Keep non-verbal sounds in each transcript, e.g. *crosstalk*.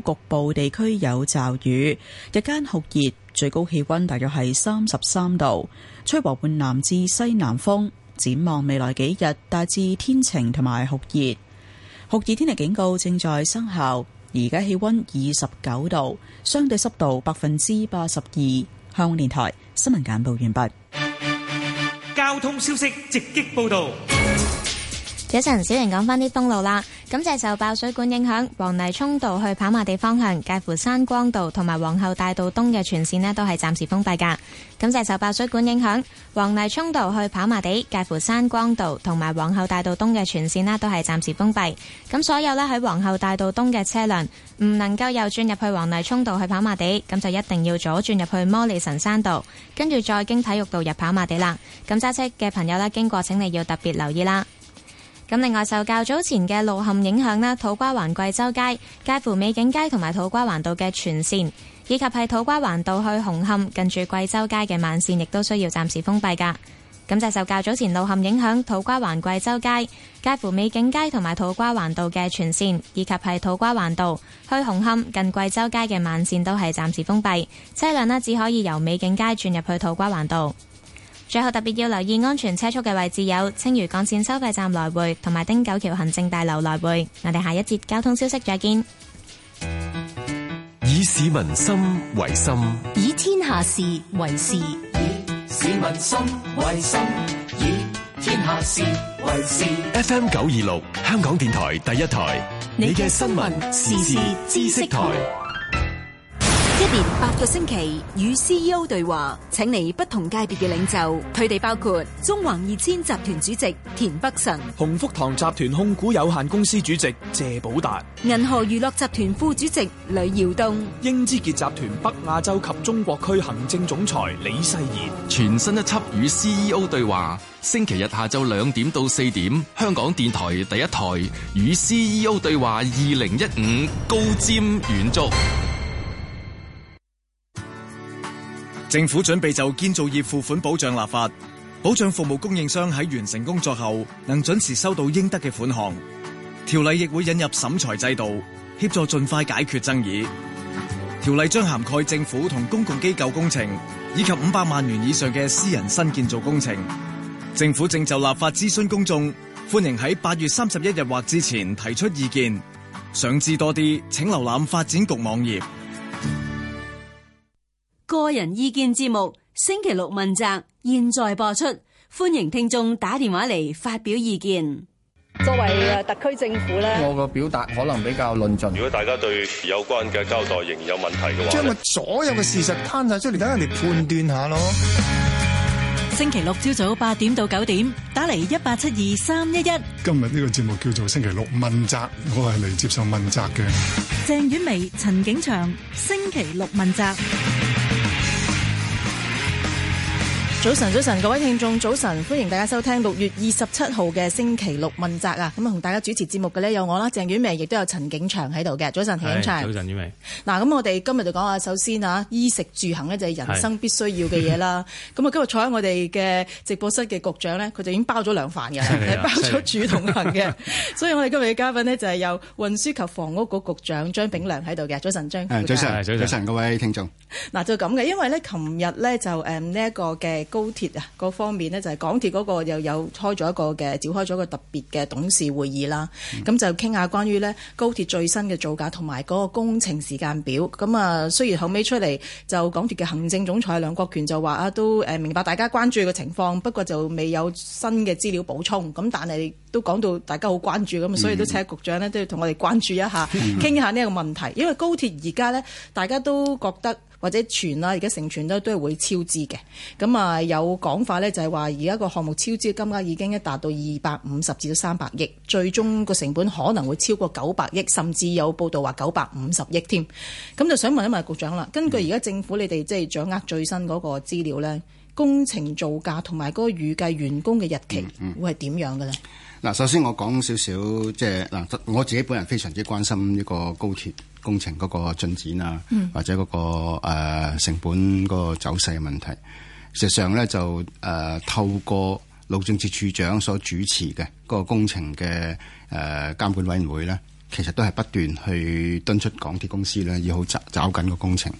局部地區有驟雨，日間酷熱，最高氣溫大約係三十三度，吹和緩南至西南風。展望未來幾日，大致天晴同埋酷熱，酷熱天氣警告正在生效。而家氣溫二十九度，相對濕度百分之八十二。香港電台新聞簡報完畢。交通消息直擊報道。有陣小玲講返啲封路啦。咁就係受爆水管影響，黃泥湧道去跑馬地方向介乎山光道同埋皇后大道東嘅全線呢都係暫時封閉噶。咁就係受爆水管影響，黃泥湧道去跑馬地介乎山光道同埋皇后大道東嘅全線呢都係暫時封閉。咁所有呢喺皇后大道東嘅車輛唔能夠右轉入去黃泥湧道去跑馬地，咁就一定要左轉入去摩利神山道，跟住再經體育道入跑馬地啦。咁揸車嘅朋友呢經過，請你要特別留意啦。咁另外受較早前嘅路陷影響啦，土瓜灣貴州街、介乎美景街同埋土瓜灣道嘅全線，以及係土瓜灣道去紅磡近住貴州街嘅慢線，亦都需要暫時封閉㗎。咁就受較早前路陷影響，土瓜灣貴州街、介乎美景街同埋土瓜灣道嘅全線，以及係土瓜灣道去紅磡近貴州街嘅慢線，都係暫時封閉，車輛呢只可以由美景街轉入去土瓜灣道。最後特別要留意安全車速嘅位置，有青嶼幹線收費站來回同埋汀九橋行政大樓來回。我哋下一節交通消息再見。以市民心為心，以天下事為事。以市民心為心，以天下事為事。F M 九二六香港電台第一台，你嘅新聞時事知識台。一年八個星期與 CEO 對話，請嚟不同界別嘅領袖，佢哋包括中環二千集團主席田北辰、鴻福堂集團控股有限公司主席謝寶達、銀河娛樂集團副主席呂耀東、英之傑集團北亞洲及中國區行政總裁李世賢。全新一輯與 CEO 對話，星期日下晝兩點到四點，香港電台第一台《與 CEO 對話》二零一五高瞻遠矚。政府準備就建造業付款保障立法，保障服務供應商喺完成工作後能準時收到應得嘅款項。條例亦會引入審裁制度，協助盡快解決爭議。條例將涵蓋政府同公共機構工程，以及五百萬元以上嘅私人新建造工程。政府正就立法諮詢公眾，歡迎喺八月三十一日或之前提出意見。想知多啲，請瀏覽發展局網頁。個人意見節目星期六問責，現在播出，歡迎聽眾打電話嚟發表意見。作為特區政府咧，我個表達可能比較論盡。如果大家對有關嘅交代仍然有問題嘅話，將個所有嘅事實攤晒出嚟，等人哋判斷下咯。星期六朝早八點到九點，打嚟一八七二三一一。今日呢個節目叫做星期六問責，我係嚟接受問責嘅。鄭婉薇、陳景祥，星期六問責。早晨，早晨，各位聽眾，早晨，歡迎大家收聽六月二十七號嘅星期六問責啊！咁同大家主持節目嘅咧有我啦，鄭婉薇，亦都有陳景祥喺度嘅。早晨，景祥。早晨，婉薇。嗱，咁、啊、我哋今日就講下，首先啊，衣食住行咧就係人生必須要嘅嘢啦。咁啊， *laughs* 今日坐喺我哋嘅直播室嘅局長咧，佢就已經包咗兩飯嘅，係包咗住同行嘅。 *laughs* 所以我哋今日嘅嘉賓呢，就係由運輸及房屋局局，局長張炳良喺度嘅。早晨，張。早晨，早晨，各位聽眾。嗱、啊，就咁嘅，因為咧，琴日咧就誒呢一個嘅。高鐵啊，各方面呢，就係、是、港鐵嗰個又有開咗一個嘅召開咗一個特別嘅董事會議啦。咁、嗯、就傾下關於呢高鐵最新嘅造價同埋嗰個工程時間表。咁啊，雖然後尾出嚟就港鐵嘅行政總裁梁國權就話啊，都誒明白大家關注嘅情況，不過就未有新嘅資料補充。咁但係都講到大家好關注咁，所以都請局長呢都要同我哋關注一下，傾、嗯、一下呢個問題。因為高鐵而家呢，大家都覺得。或者存啦，而家成全都都係會超支嘅。咁啊，有講法咧，就係話而家個項目超支金額已經一達到二百五十至到三百億，最終個成本可能會超過九百億，甚至有報道話九百五十億添。咁就想問一問局長啦，根據而家政府你哋即係掌握最新嗰個資料咧，嗯，工程造價同埋嗰個預計完工嘅日期會係點樣嘅咧？嗱，首先我講少少，即係嗱，我自己本人非常之關心呢個高鐵。工程嗰個進展啊，或者嗰個誒成本嗰個走勢嘅問題，事實上咧就誒透過路政署處長所主持嘅嗰個工程嘅誒監管委員會咧，其實都係不斷去敦促港鐵公司咧，要好抓抓緊個工程，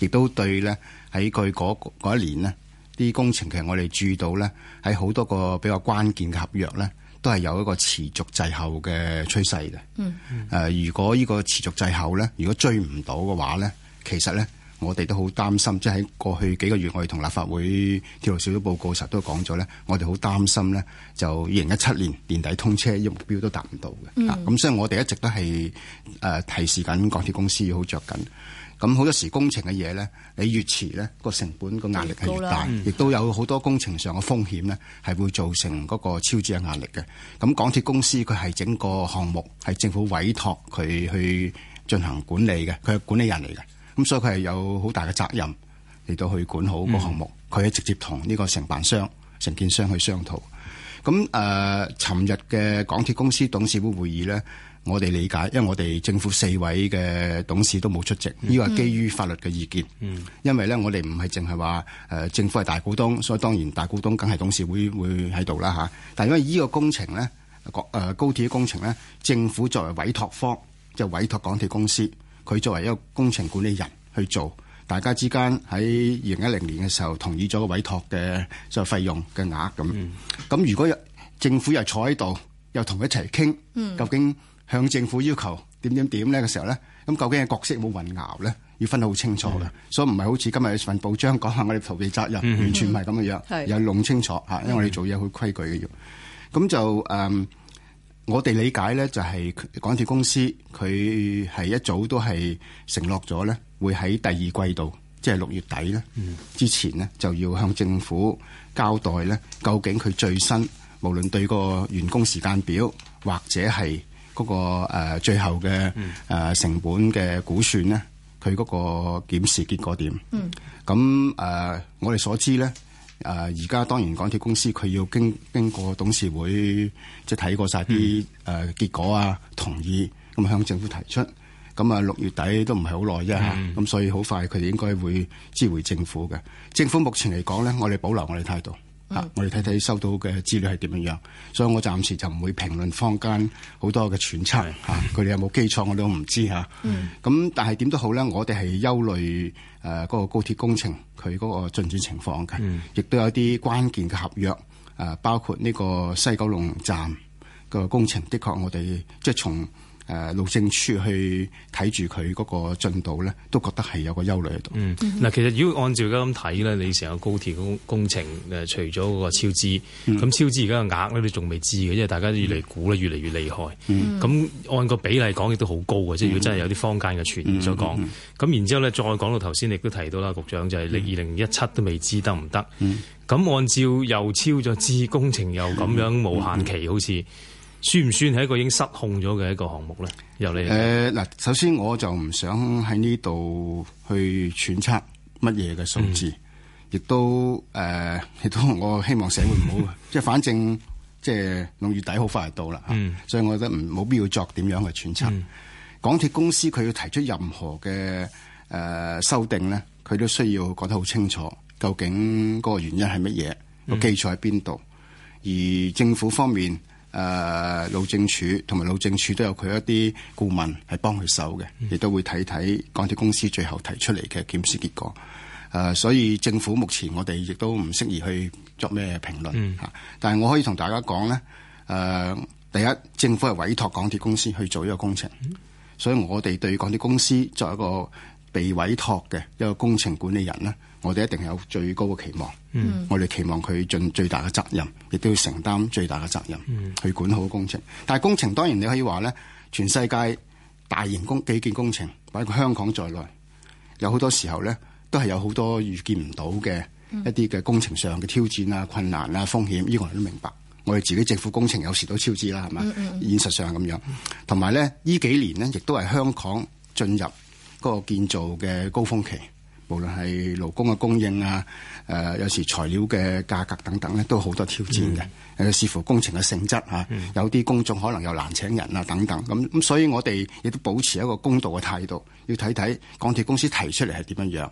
亦都對咧喺佢嗰嗰一年咧啲工程其實我哋注到咧喺好多個比較關鍵嘅合約咧。都係有一個持續滯後嘅趨勢嘅。誒、呃，如果呢個持續滯後咧，如果追唔到嘅話咧，其實咧，我哋都好擔心。即係喺過去幾個月，我哋同立法會鐵路小組報告時都講咗咧，我哋好擔心咧，就二零一七年年底通車嘅目標都達唔到嘅。咁、嗯啊嗯、所以我哋一直都係誒、呃、提示緊港鐵公司要好着緊。咁好多時工程嘅嘢呢，你越遲呢、個成本個壓力係越大，亦都有好多工程上嘅風險呢，係會造成嗰個超支嘅壓力嘅。咁港鐵公司佢係整個項目係政府委託佢去進行管理嘅，佢係管理人嚟嘅。咁所以佢係有好大嘅責任嚟到去管好個項目，佢、嗯、係直接同呢個承辦商、承建商去商討。咁誒，尋、呃、日嘅港鐵公司董事會會議呢。我哋理解，因為我哋政府四位嘅董事都冇出席，呢個係基於法律嘅意見。因為咧，我哋唔係淨係話政府係大股東，所以當然大股東梗係董事會會喺度啦嚇。但係因為依個工程咧，高鐵嘅工程咧，政府作為委託方，即係、委託港鐵公司佢作為一個工程管理人去做。大家之間喺二零一零年嘅時候同意咗個委託嘅就費用嘅額咁。咁如果政府又坐喺度，又同佢一齊傾，究竟？向政府要求點點點咧個時候咧，咁究竟嘅角色有冇混淆咧？要分得好清楚嘅，所以唔係好似今日份報章講下我哋逃避責任，完全唔係咁嘅樣，有弄清楚嚇，因為我哋做嘢好規矩嘅要。咁就誒，我哋理解咧，就係港鐵公司佢係一早都係承諾咗咧，會喺第二季度，即係六月底咧之前咧，就要向政府交代咧，究竟佢最新無論對個員工時間表或者係。嗰個誒最後嘅誒成本嘅估算咧，佢嗰個檢視結果點？咁誒，我哋所知咧，誒而家當然港鐵公司佢要經經過董事會即係睇過曬啲誒結果啊，同意咁向政府提出。咁啊，六月底都唔係好耐啫，咁所以好快佢哋應該會知會政府嘅。政府目前嚟講咧，我哋保留我哋態度。 *noise* 啊！我哋睇睇收到嘅資料係點樣樣，所以我暫時就唔會評論坊間好多嘅揣測嚇，佢、啊、哋有冇基礎我都唔知嚇。咁、啊、但係點都好咧，我哋係憂慮誒嗰、呃那個高鐵工程佢嗰個進展情況嘅，亦都有啲關鍵嘅合約誒、啊，包括呢個西九龍站個工程，的確我哋即係從。誒路政處去睇住佢嗰個進度咧，都覺得係有個憂慮喺度。嗯，嗱，其實如果按照而家咁睇咧，你成個高鐵工程除咗嗰個超支，咁、嗯、超支而家嘅額咧，你仲未知嘅，因為大家越嚟估咧，越嚟越厲害。嗯，咁按個比例講，亦都好高嘅，即係如果真係有啲坊間嘅傳、嗯、所講。咁、嗯嗯、然之後咧，再講到頭先，你都提到啦，局長就係你二零一七都未知得唔得？嗯，咁按照又超咗支工程又，又咁樣無限期，嗯嗯、好似。算唔算係一個已經失控咗嘅一個項目咧？由你誒，嗱，首先我就唔想喺呢度去揣測乜嘢嘅數字，亦、嗯、都誒，亦、呃、都我希望社會唔好 *laughs* 即，即係反正即係六月底好快就到啦，嗯、所以我覺得唔冇必要作點樣嘅揣測。嗯、港鐵公司佢要提出任何嘅誒修訂咧，佢、呃、都需要講得好清楚，究竟嗰個原因係乜嘢，個、嗯、基礎喺邊度，而政府方面。誒、呃，路政署同埋路政署都有佢一啲顧問係幫佢手嘅，亦都會睇睇港鐵公司最後提出嚟嘅檢視結果。誒、呃，所以政府目前我哋亦都唔適宜去作咩評論嚇、嗯。但係我可以同大家講呢誒，第一政府係委託港鐵公司去做呢個工程，所以我哋對港鐵公司作為一個被委託嘅一個工程管理人呢我哋一定有最高嘅期望，mm. 我哋期望佢盡最大嘅責任，亦都要承擔最大嘅責任，mm. 去管好工程。但係工程當然你可以話咧，全世界大型工基建工程，包括香港在內，有好多時候咧，都係有好多預見唔到嘅、mm. 一啲嘅工程上嘅挑戰啊、困難啊、風險呢、呢個我都明白。我哋自己政府工程有時都超支啦，係嘛？Mm. 現實上咁樣？同埋咧，呢幾年咧，亦都係香港進入嗰個建造嘅高峰期。無論係勞工嘅供應啊，誒、呃，有時材料嘅價格等等咧，都好多挑戰嘅。誒、嗯，視乎工程嘅性質吓、嗯，有啲工種可能又難請人啊，等等。咁咁，所以我哋亦都保持一個公道嘅態度，要睇睇港鐵公司提出嚟係點樣樣，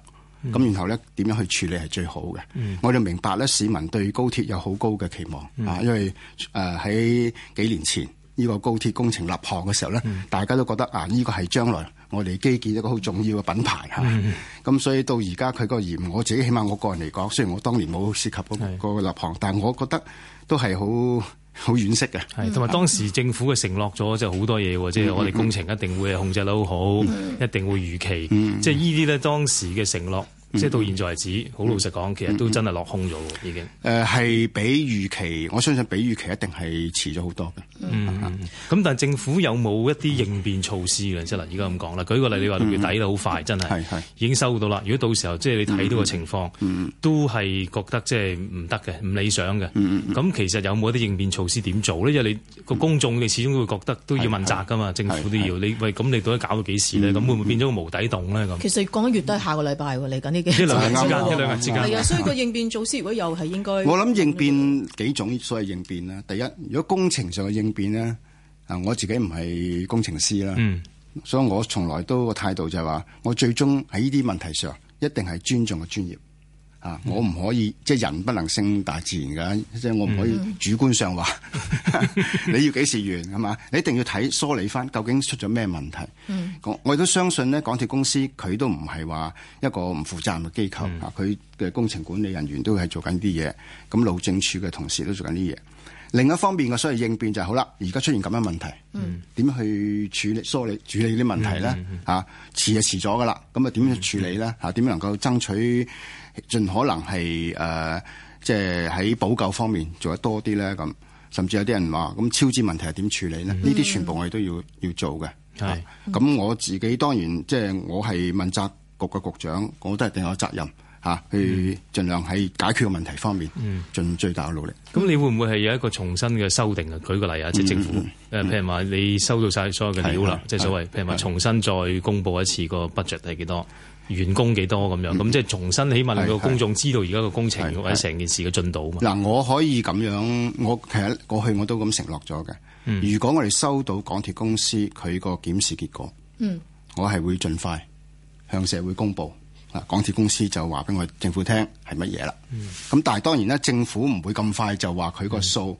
咁、嗯、然後咧點樣去處理係最好嘅、嗯。我哋明白咧，市民對高鐵有好高嘅期望、嗯、啊，因為誒喺、呃、幾年前呢、這個高鐵工程立項嘅時候咧、嗯，大家都覺得啊，呢、這個係將來。我哋基建一個好重要嘅品牌。咁、嗯、所以到而家佢個業，我自己起碼我個人嚟講，雖然我當年冇涉及嗰個立項，但係我覺得都係好好惋惜嘅。同埋當時政府嘅承諾咗，嗯、即係好多嘢，即係我哋工程一定會控制得好好，嗯、一定會如期。嗯、即係呢啲咧當時嘅承諾。即、就、係、是、到現在為止，好、嗯、老實講、嗯，其實都真係落空咗喎，已經。誒、呃，係比預期，我相信比預期一定係遲咗好多嘅。咁、嗯嗯嗯嗯、但係政府有冇一啲應變措施嘅？即係嗱，而家咁講啦，舉個例，你話六月底好快，嗯、真係，已經收到啦。如果到時候即係、就是、你睇到個情況，嗯、都係覺得即係唔得嘅，唔、就是、理想嘅。咁、嗯、其實有冇一啲應變措施點做呢？因為你個、嗯、公眾你始終會覺得都要問責㗎嘛，政府都要。你喂，咁你到底搞到幾時呢？咁、嗯、會唔會變咗個無底洞呢？咁其實講完都係下個禮拜喎，呢兩日之間，呢兩日之間係啊。所以個應變措施如果有係應該。我諗應變幾種所謂應變啦。第一，如果工程上嘅應變咧，啊、呃，我自己唔係工程師啦，嗯、所以我從來都個態度就係、是、話，我最終喺呢啲問題上一定係尊重個專業。啊！我唔可以即係人不能勝大自然㗎。即係我唔可以主觀上話、mm-hmm. *laughs* 你要幾時完係嘛？你一定要睇梳理翻究竟出咗咩問題。Mm-hmm. 我我亦都相信呢港鐵公司佢都唔係話一個唔負責任嘅機構啊。佢、mm-hmm. 嘅工程管理人員都會係做緊啲嘢，咁路政處嘅同事都做緊啲嘢。另一方面嘅，所謂應變就係、是、好啦。而家出現咁嘅問題，點、mm-hmm. 去處理梳理處理，就處理呢啲問題咧？啊，遲就遲咗噶啦，咁啊點處理咧？啊，點能夠爭取？盡可能係誒、呃，即係喺補救方面做得多啲咧，咁，甚至有啲人話，咁超支問題係點處理咧？呢、嗯、啲全部我哋都要要做嘅。係、啊，咁我自己當然即係我係問責局嘅局長，我都係定有責任吓、啊，去盡量喺解決嘅問題方面盡、嗯、最大嘅努力。咁、嗯、你會唔會係有一個重新嘅修訂啊？舉個例啊，即係政府譬、嗯嗯、如話你收到晒所有嘅料啦，即係、就是、所謂譬如話重新再公布一次個 budget 係幾多？員工幾多，咁樣咁即係重新起碼令到個公眾知道而家個工程或者成件事嘅進度嘛？嗱，我可以咁樣，我其實過去我都咁承諾咗嘅。如果我哋收到港鐵公司佢個檢視結果，嗯、我係會盡快向社會公布。啊，港鐵公司就話俾我哋政府聽係乜嘢啦。咁、嗯、但係當然咧，政府唔會咁快就話佢個數、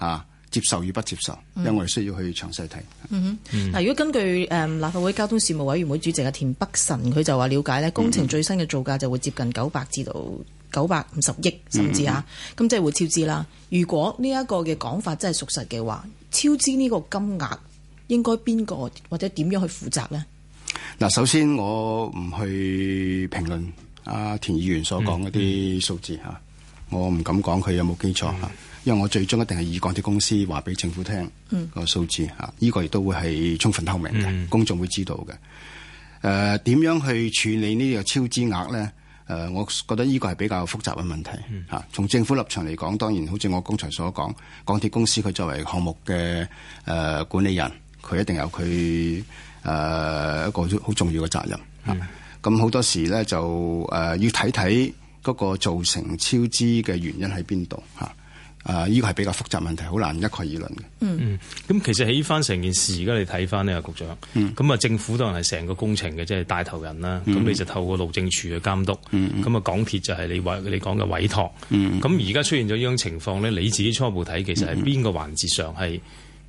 嗯、啊。接受與不接受，因為我哋需要去詳細睇。嗱、嗯嗯嗯，如果根據誒、嗯、立法會交通事務委員會主席阿田北辰，佢就話了解咧工程最新嘅造價就會接近九百至到九百五十億，甚至啊，咁、嗯嗯、即係會超支啦。如果呢一個嘅講法真係屬實嘅話，超支呢個金額應該邊個或者點樣去負責呢？嗱，首先我唔去評論阿田議員所講嗰啲數字嚇、嗯，我唔敢講佢有冇基礎嚇。嗯因為我最終一定係以港鐵公司話俾政府聽、嗯啊這個數字吓，呢個亦都會係充分透明嘅、嗯，公眾會知道嘅。誒、呃，點樣去處理呢個超支額呢？誒、呃，我覺得呢個係比較複雜嘅問題吓。從、啊、政府立場嚟講，當然好似我剛才所講，港鐵公司佢作為項目嘅誒、呃、管理人，佢一定有佢誒、呃、一個好重要嘅責任。咁、啊、好、嗯啊、多時候呢，就誒、呃、要睇睇嗰個造成超支嘅原因喺邊度吓。啊啊！依、呢個係比較複雜問題，好難一概而論嘅、嗯嗯嗯嗯嗯嗯嗯。嗯嗯，咁其實起翻成件事，而家你睇翻呢啊局長，咁啊政府當然係成個工程嘅，即係帶頭人啦。咁你就透過路政署嘅監督，咁啊港鐵就係你委你講嘅委託，咁而家出現咗呢種情況咧，你自己初步睇，其實係邊個環節上係？嗯嗯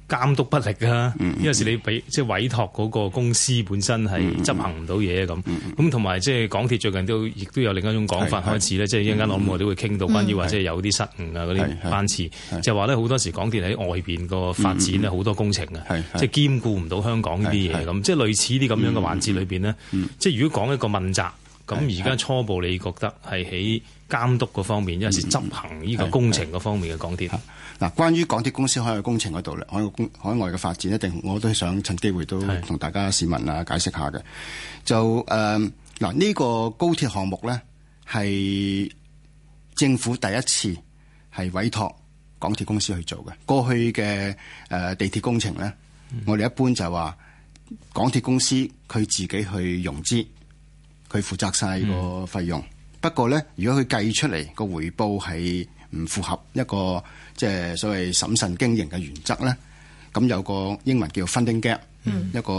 監督不力啊！因為、嗯、時、嗯、你俾即係委託嗰個公司本身係執行唔到嘢咁，咁同埋即係港鐵最近都亦都有另一種講法是是開始咧，是是即係一陣間我咁我都會傾到關於或者係有啲失誤啊嗰啲班次，是是就話咧好多時港鐵喺外邊個發展咧好多工程嘅，是是是即係兼顧唔到香港呢啲嘢咁，即係類似啲咁樣嘅環節裏邊呢，是是是即係如果講一個問責。咁而家初步，你覺得係喺監督嗰方面，即係是執行呢個工程嗰方面嘅港鐵。嗱，關於港鐵公司海外工程嗰度咧，海外海外嘅發展一定我想都想趁機會都同大家市民啊解釋下嘅。就誒，嗱、呃，呢個高鐵項目咧係政府第一次係委託港鐵公司去做嘅。過去嘅誒地鐵工程咧，我哋一般就話港鐵公司佢自己去融資。佢負責晒個費用，嗯、不過咧，如果佢計出嚟個回報係唔符合一個即係所謂審慎經營嘅原則咧，咁有個英文叫做 funding gap，嗯、一個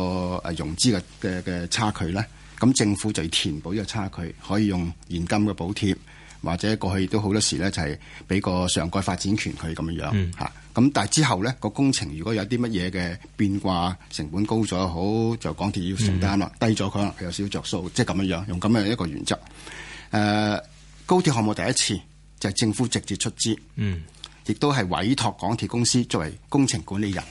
誒融資嘅嘅嘅差距咧，咁政府就要填補呢個差距，可以用現金嘅補貼。或者過去都好多時咧，就係俾個上蓋發展權佢咁樣樣吓，咁、嗯、但係之後咧，個工程如果有啲乜嘢嘅變卦，成本高咗好就港鐵要承擔啦、嗯，低咗佢可能佢有少少着數，即係咁樣樣用咁樣一個原則。誒、呃，高鐵項目第一次就係、是、政府直接出資，嗯，亦都係委託港鐵公司作為工程管理人。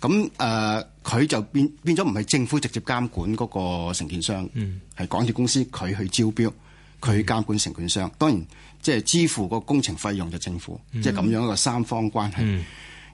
咁誒，佢、呃、就變變咗唔係政府直接監管嗰個承建商，嗯，係港鐵公司佢去招標。佢監管承建商，當然即係、就是、支付個工程費用就政府，即係咁樣一個三方關係。嗯、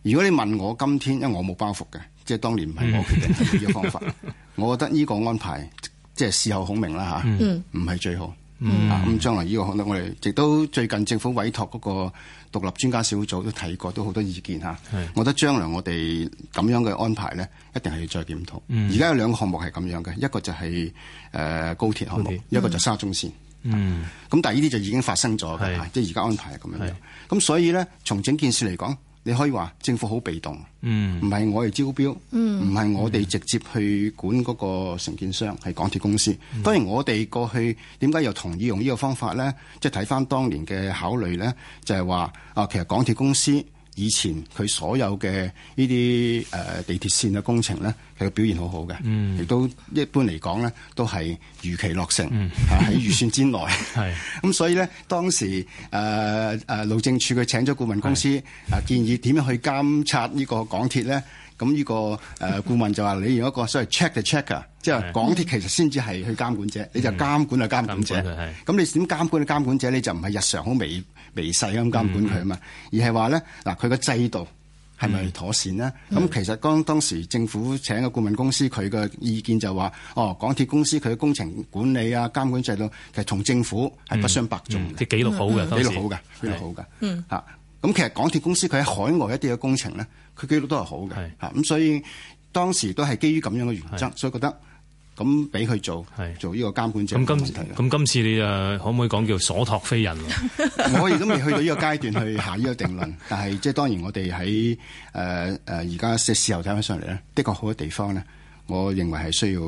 如果你問我，今天因為我冇包袱嘅，即、就、係、是、當年唔係我決定係呢個方法，嗯、我覺得呢個安排即係、就是、事後孔明啦吓，唔、嗯、係最好咁、嗯啊、將來呢、這個可能我哋亦都最近政府委託嗰個獨立專家小組都睇過，都好多意見吓。我覺得將來我哋咁樣嘅安排咧，一定係要再檢討。而、嗯、家有兩個項目係咁樣嘅，一個就係、是呃、高鐵項目，okay，嗯、一個就沙中線。嗯，咁但係依啲就已經發生咗噶，即係而家安排係咁樣樣。咁所以咧，從整件事嚟講，你可以話政府好被動。嗯，唔係我哋招標，唔、嗯、係我哋直接去管嗰個承建商係港鐵公司。嗯、當然我哋過去點解又同意用呢個方法咧？即係睇返當年嘅考慮咧，就係話啊，其實港鐵公司。以前佢所有嘅呢啲誒地鐵綫嘅工程咧，佢嘅表現好好嘅，亦、嗯、都一般嚟講咧，都係如期落成，喺、嗯啊、預算之內。咁、 *laughs* 嗯，所以咧當時誒誒路政署佢請咗顧問公司，啊建議點樣去監察呢個港鐵咧？咁呢、呢個誒顧、呃、問就話：你用一個所謂 check the checker 即係、就是、港鐵其實先至係去監管者，你就監管就監管者。咁你點監管嘅監管者你就唔係日常好美微細咁監管佢啊嘛，而係話咧嗱，佢個制度係咪妥善呢？咁、嗯、其實當當時政府請個顧問公司，佢嘅意見就話哦，港鐵公司佢嘅工程管理啊，監管制度其實同政府係不相伯仲嘅。即係記錄好嘅，記錄好嘅，記錄好嘅。嗯，嚇、嗯、咁其實港鐵公司佢喺海外一啲嘅工程咧，佢記錄都係好嘅嚇，咁，所以當時都係基於咁樣嘅原則的，所以覺得。咁俾佢做，做呢個監管者，咁今咁今次你誒可唔可以講叫所託非人咯？我亦都未去到呢個階段去下呢個定論 *laughs* 但係即係當然我，我哋喺誒誒而家事後睇翻上嚟咧，的確好多地方咧，我認為係需要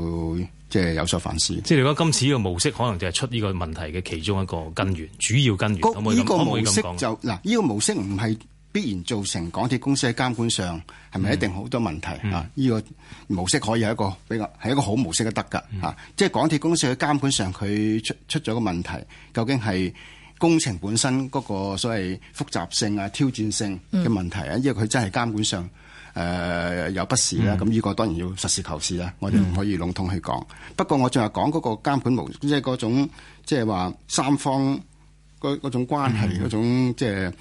即係有所反思。即係你講今次呢個模式，可能就係出呢個問題嘅其中一個根源，主要根源可唔可以？可唔可以咁講？就嗱，呢個模式唔係。可必然造成港鐵公司喺監管上係咪一定好多問題？嗯、啊？呢個模式可以一個比較，係一個好模式都得噶。即、嗯、係、啊即係、港鐵公司喺監管上佢出出咗個問題，究竟係工程本身嗰個所謂複雜性啊、挑戰性嘅問題啊、嗯？因為佢真係監管上誒、呃、有不是啦。咁、嗯、呢、啊呢個當然要實事求是啦，我哋唔可以籠統去講、嗯。不過我仲係講嗰個監管模，即係嗰種即係話三方嗰嗰種關係嗰、嗯、種即係。即係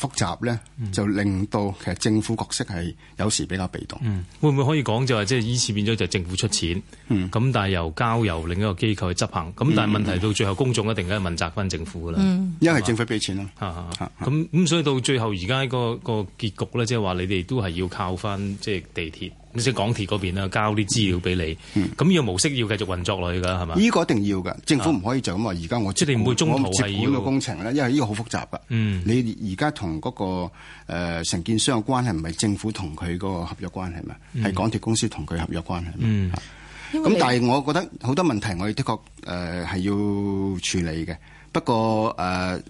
複雜咧，就令到其實政府角色係有時比較被動。嗯、會唔會可以講就係、是、即係依次變咗就政府出錢，咁、嗯、但係由交由另一個機構去執行。咁、嗯、但係問題到最後公眾一定梗係問責翻政府噶啦、嗯。因為政府俾錢咯。咁咁所以到最後而家個個結局咧，即係話你哋都係要靠翻即係地鐵。港鐵嗰邊交啲資料俾你，咁呢個模式要繼續運作落去噶，係嘛？呢、呢個一定要嘅，政府唔可以就咁話。而家我即你唔會中途我接管個工程啦，因為呢個好複雜噶、嗯。你而家同嗰個承、呃、建商嘅關係唔係政府同佢嗰個合約關係嘛，係港鐵公司同佢合約關係。嗯。咁、嗯、但係我覺得好多問題，我哋的確誒係、呃、要處理嘅。不過誒、呃，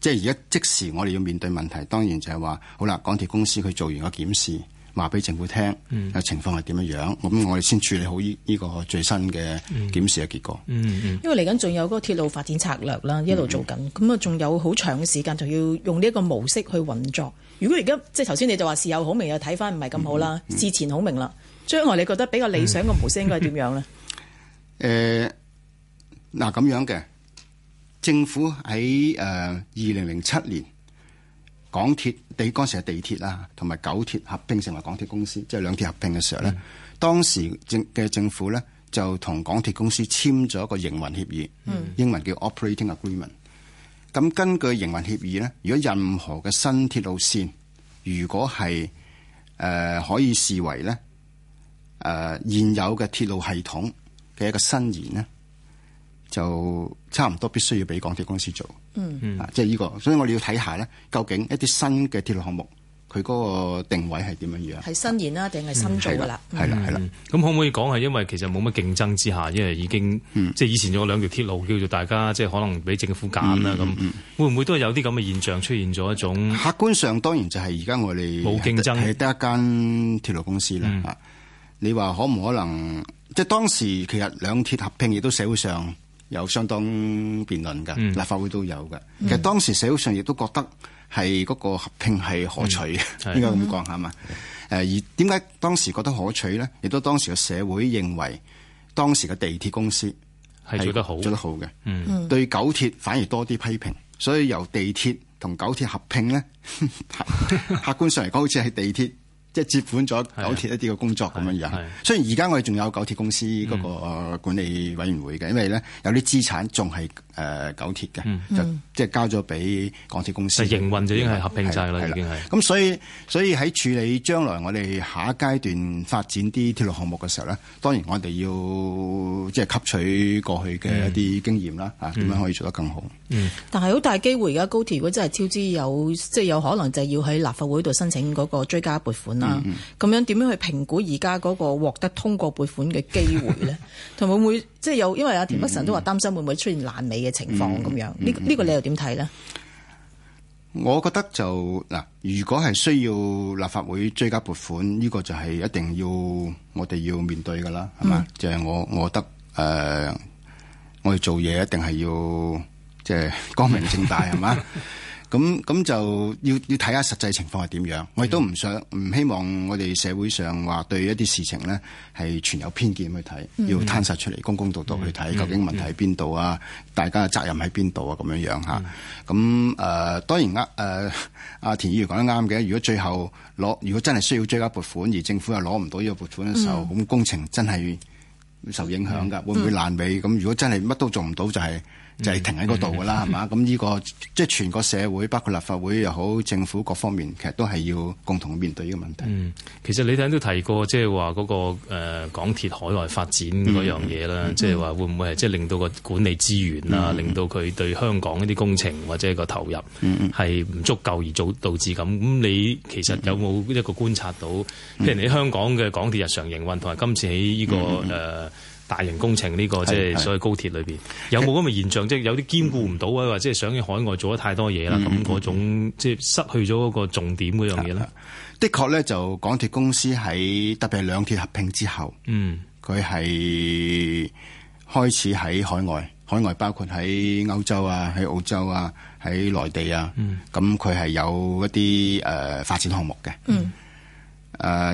即係而家即時我哋要面對問題，當然就係話好啦，港鐵公司佢做完個檢視。話俾政府聽，誒、嗯、情況係點樣樣，咁我哋先處理好呢依個最新嘅檢視嘅結果。嗯嗯嗯嗯、因為嚟緊仲有嗰個鐵路發展策略啦，一路做緊，咁啊仲有好長嘅時間，就要用呢一個模式去運作。如果而家即係頭先你就話事有好明，又睇翻唔係咁好啦、嗯嗯，事前好明啦。將來你覺得比較理想嘅模式應該係點樣呢？誒、嗯、嗱、嗯、咁、 *laughs* 呃呃、樣嘅，政府喺誒二零零七年港鐵。地嗰時係地鐵啊，同埋九鐵合併成為港鐵公司，即係兩鐵合併嘅時候咧，當時政嘅政府咧就同港鐵公司簽咗一個營運協議，英文叫 Operating Agreement。咁根據營運協議咧，如果任何嘅新鐵路線，如果係誒、呃、可以視為咧誒、呃、現有嘅鐵路系統嘅一個伸延咧。就差唔多，必須要俾港鐵公司做。嗯嗯，即係呢個，所以我哋要睇下咧，究竟一啲新嘅鐵路項目，佢嗰個定位係點樣樣？係新延啦，定係新做噶啦？係、嗯、啦，係啦。咁、嗯、可唔可以講係因為其實冇乜競爭之下，因為已經、嗯、即係以前有兩條鐵路叫做大家即係可能俾政府揀啦咁，嗯嗯嗯、會唔會都係有啲咁嘅現象出現咗一種？客觀上當然就係而家我哋冇競爭，得一間鐵路公司啦、嗯啊。你話可唔可能即係當時其實兩鐵合併亦都社會上。有相當辯論㗎、嗯，立法會都有㗎。其實當時社會上亦都覺得係嗰個合併係可取嘅，嗯、 *laughs* 應該咁講嚇嘛。誒、嗯，而點解當時覺得可取咧？亦都當時嘅社會認為當時嘅地鐵公司係做得好的，做得好嘅，做得好嘅。嗯，對九鐵反而多啲批評、嗯，所以由地鐵同九鐵合併咧， *laughs* 客觀上嚟講好似係地鐵，即係接管咗九鐵一啲嘅工作咁樣樣，雖然而家我哋仲有九鐵公司嗰個管理委員會嘅，嗯、因為咧有啲資產仲係。誒、啊，九鐵嘅、嗯、就即係交咗俾港鐵公司，營、就、運、是、就已經係合併制啦，已經係。咁所以所以喺處理將來我哋下一階段發展啲鐵路項目嘅時候呢，當然我哋要即係、就是、吸取過去嘅一啲經驗啦，吓、嗯、點、啊、樣可以做得更好。嗯嗯、但係好大機會，而家高鐵如果真係超支有，即、就、係、是、有可能就係要喺立法會度申請嗰個追加撥款啦。咁、嗯嗯、樣點樣去評估而家嗰個獲得通過撥款嘅機會呢？同 *laughs* 埋會唔會即係、就是、有，因為阿田北辰都話擔心會唔會出現爛尾嘅。情況咁樣呢？呢、嗯嗯嗯這個你又點睇呢？我覺得就嗱，如果係需要立法會追加撥款，呢、這個就係一定要我哋要面對噶啦，係嘛、嗯？就係、是、我我覺得誒、呃，我哋做嘢一定係要即係、就是、光明正大，係嘛？ *laughs* 咁咁就要要睇下實際情況係點樣，我亦都唔想唔、嗯、希望我哋社會上話對一啲事情呢係存有偏見去睇、嗯，要攤晒出嚟公公道道去睇、嗯、究竟問題喺邊度啊、嗯，大家嘅責任喺邊度啊咁樣樣嚇。咁、嗯、誒、呃、當然啊阿、呃、田議員講得啱嘅。如果最後攞，如果真係需要追加撥款，而政府又攞唔到呢個撥款嘅時候，咁、嗯、工程真係受影響㗎、嗯，會唔會爛尾？咁、嗯、如果真係乜都做唔到，就係、是。就係、是、停喺嗰度㗎啦，係 *laughs* 嘛？咁呢、這個即係、就是、全個社會，包括立法會又好，政府各方面，其實都係要共同面對呢個問題。嗯，其實你睇都提過，即係話嗰個、呃、港鐵海外發展嗰樣嘢啦，即係話會唔會係即係令到個管理資源啊、嗯嗯，令到佢對香港呢啲工程或者個投入係唔足夠而造導致咁？咁、嗯嗯、你其實有冇一個觀察到，嗯、譬如你喺香港嘅港鐵日常營運同埋今次喺呢、這個誒？嗯嗯嗯大型工程呢、這個即係所謂高鐵裏面，有冇咁嘅現象，即係有啲兼顧唔到啊，或者係想去海外做咗太多嘢啦，咁、嗯、嗰種、嗯、即係失去咗嗰個重點嗰樣嘢啦，的、的確咧，就港鐵公司喺特別係兩鐵合併之後，嗯，佢係開始喺海外，海外包括喺歐洲啊、喺澳洲啊、喺內地啊，咁佢係有一啲誒、呃、發展項目嘅，嗯，誒、呃、啊、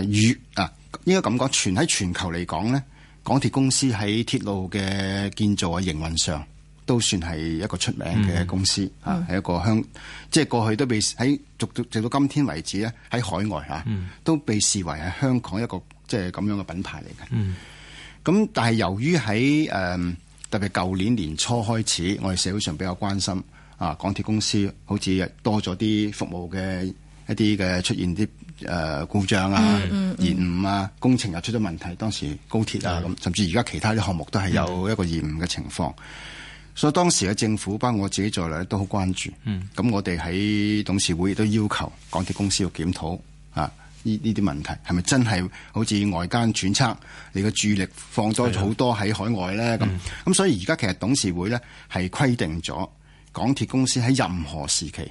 呃，應該咁講，全喺全球嚟講咧。港鐵公司喺鐵路嘅建造啊、營運上，都算係一個出名嘅公司啊，係、嗯、一個香，即係過去都被喺直到直到今天為止咧，喺海外嚇、嗯，都被視為係香港一個即係咁樣嘅品牌嚟嘅。咁、嗯、但係由於喺誒特別舊年年初開始，我哋社會上比較關心啊，港鐵公司好似多咗啲服務嘅一啲嘅出現啲。誒、呃、故障啊、延、嗯、誤、嗯、啊、工程又出咗問題，當時高鐵啊咁、嗯，甚至而家其他啲項目都係有一個延誤嘅情況、嗯。所以當時嘅政府，包括我自己在內都好關注。咁、嗯、我哋喺董事會亦都要求港鐵公司要檢討啊，呢呢啲問題，係咪真係好似外間揣測你嘅注意力放多咗好多喺海外咧？咁、嗯、咁所以而家其實董事會咧係規定咗港鐵公司喺任何時期。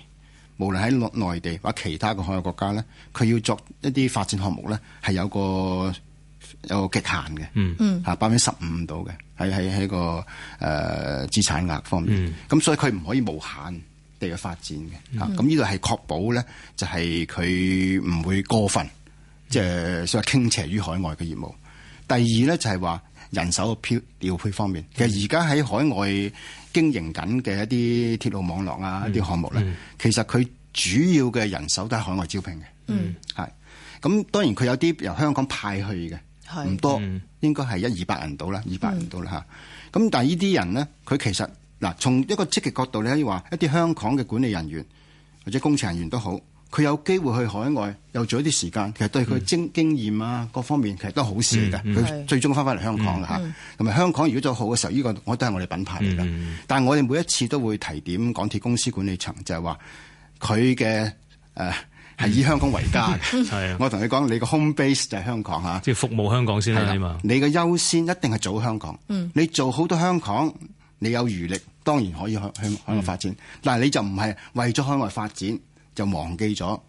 無論喺內地或者其他嘅海外國家咧，佢要作一啲發展項目咧，係有個有個極限嘅，嗯嗯，嚇百分之十五度嘅，喺喺喺個誒、呃、資產額方面，咁、嗯、所以佢唔可以無限地去發展嘅，嚇咁呢度係確保咧，就係佢唔會過分，即係所謂傾斜於海外嘅業務。第二咧就係話。人手嘅調配方面，其實而家喺海外經營緊嘅一啲鐵路網絡啊，一啲項目咧、嗯嗯，其實佢主要嘅人手都係海外招聘嘅，嗯，係，咁當然佢有啲由香港派去嘅，係唔多，嗯、應該係一二百人到啦，二百人到啦吓，咁、嗯、但係呢啲人咧，佢其實，嗱，從一個積極角度，你可以話一啲香港嘅管理人員或者工程人員都好。佢有機會去海外，又做一啲時間，其實對佢經經驗啊、嗯、各方面，其實都好事嘅。佢、嗯嗯、最終翻返嚟香港嘅，同埋香港如果做好嘅時候，呢、呢個都我都係我哋品牌嚟嘅、嗯。但我哋每一次都會提點港鐵公司管理層，就係話佢嘅誒係以香港為家嘅。嗯、 *laughs* 我同你講，你個 home base 就係香港，即係服務香港先啦嘛。你嘅優先一定係做香港，嗯、你做好多香港，你有餘力當然可以向向海外發展，嗯、但係你就唔係為咗海外發展。就忘記咗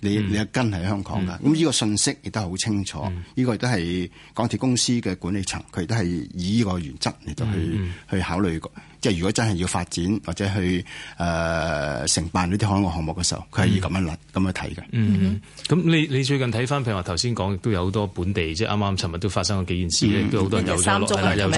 你，你嘅根喺香港噶。咁、嗯、呢個信息，亦都係好清楚。呢、嗯、這個亦都係港鐵公司嘅管理層，佢亦都係以呢個原則嚟到去、嗯、去考慮過。即係如果真係要發展或者去誒、呃、承辦呢啲海外項目嘅時候，佢係要咁樣諗、咁樣睇嘅。嗯，咁、嗯、你你最近睇翻，譬如話頭先講亦都有好多本地，即係啱啱尋日都發生過幾件事，都、嗯、好多人也有咗落又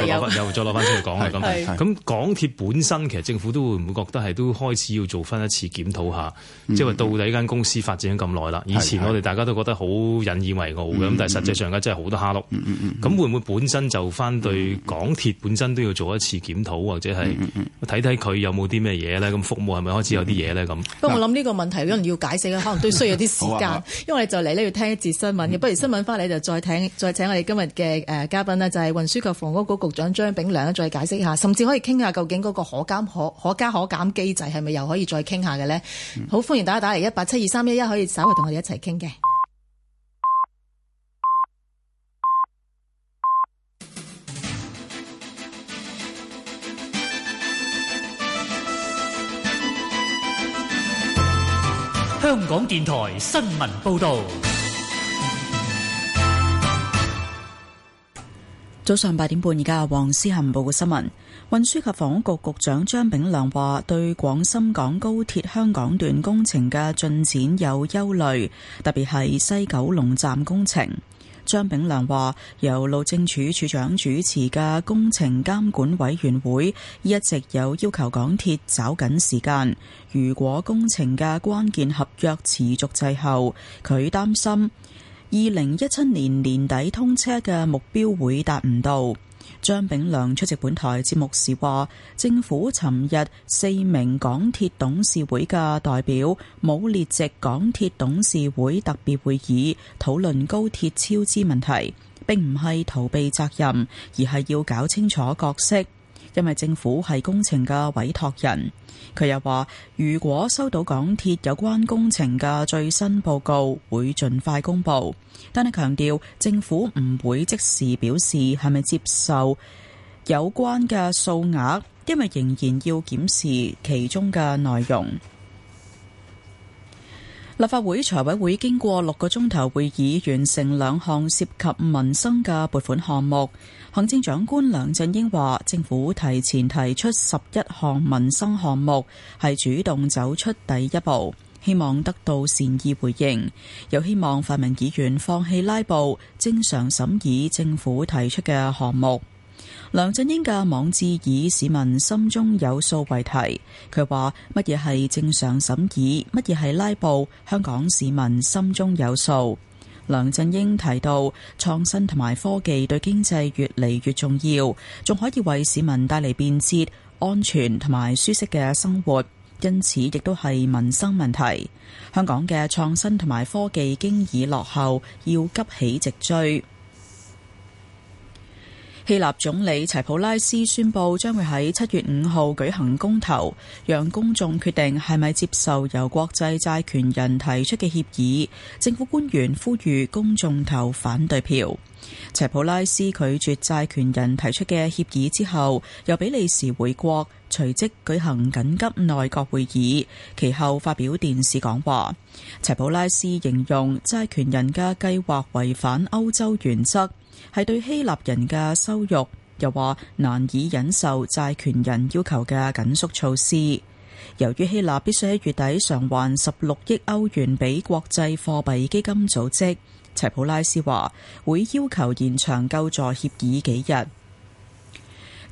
再攞翻出嚟講啦。咁， *laughs* 咁咁咁港鐵本身其實政府都會唔會覺得係都開始要做翻一次檢討下？即係話到底間公司發展咗咁耐啦，嗯、以前我哋大家都覺得好引以為傲嘅，咁、嗯嗯、但係實際上嘅真係好多蝦碌。嗯咁、嗯嗯嗯嗯嗯嗯、會唔會本身就翻對港鐵本身都要做一次檢討，或者係？嗯嗯看看有有，睇睇佢有冇啲咩嘢咧？咁服務係咪開始有啲嘢咧？咁，不過我諗呢個問題可能要解釋咧，可能都需要啲時間。 *laughs* 啊啊，因為我哋就嚟呢要聽一節新聞，不如新聞翻嚟就再聽，再請我哋今日嘅誒嘉賓咧，就係運輸及房屋局局長張炳良再解釋一下，甚至可以傾下究竟嗰個可減可可加可減機制係咪又可以再傾下嘅咧？好， *laughs* 歡迎大家打嚟一八七二三一一，1872311, 可以稍為同我哋一齊傾嘅。香港電台新聞報道，早上八點半，而家黃思恒報嘅新聞。運輸及房屋局局長張炳良話，對廣深港高鐵香港段工程嘅進展有憂慮，特別係西九龍站工程。張炳良話：由路政署署長主持嘅工程監管委員會一直有要求港鐵找緊時間，如果工程嘅關鍵合約持續滯後，佢擔心二零一七年年底通車嘅目標會達唔到。張炳良出席本台節目時話，政府尋日四名港鐵董事會嘅代表冇列席港鐵董事會特別會議，討論高鐵超支問題，並唔係逃避責任，而係要搞清楚角色。因為政府係工程嘅委託人，佢又話：如果收到港鐵有關工程嘅最新報告，會盡快公布。但係強調政府唔會即時表示係咪接受有關嘅數額，因為仍然要檢視其中嘅內容。立法會財委會經過六個鐘頭會議，完成兩項涉及民生嘅撥款項目。行政長官梁振英話，政府提前提出十一項民生項目，係主動走出第一步，希望得到善意回應，又希望泛民議員放棄拉布，正常審議政府提出嘅項目。梁振英嘅網誌以市民心中有數為題，佢話乜嘢係正常審議，乜嘢係拉布，香港市民心中有數。梁振英提到，創新同埋科技對經濟越嚟越重要，仲可以為市民帶嚟便捷、安全同埋舒適嘅生活，因此亦都係民生問題，香港嘅創新同埋科技經已落後，要急起直追。希臘總理齊普拉斯宣布將會喺七月五號舉行公投，讓公眾決定係咪接受由國際債權人提出嘅協議。政府官員呼籲公眾投反對票。齊普拉斯拒絕債權人提出嘅協議之後，由比利時回國，隨即舉行緊急內閣會議，其後發表電視講話。齊普拉斯形容債權人嘅計劃違反歐洲原則。係對希臘人嘅羞辱，又話難以忍受債權人要求嘅緊縮措施。由於希臘必須喺月底償還十六億歐元俾國際貨幣基金組織，齊普拉斯話會要求延長救助協議幾日。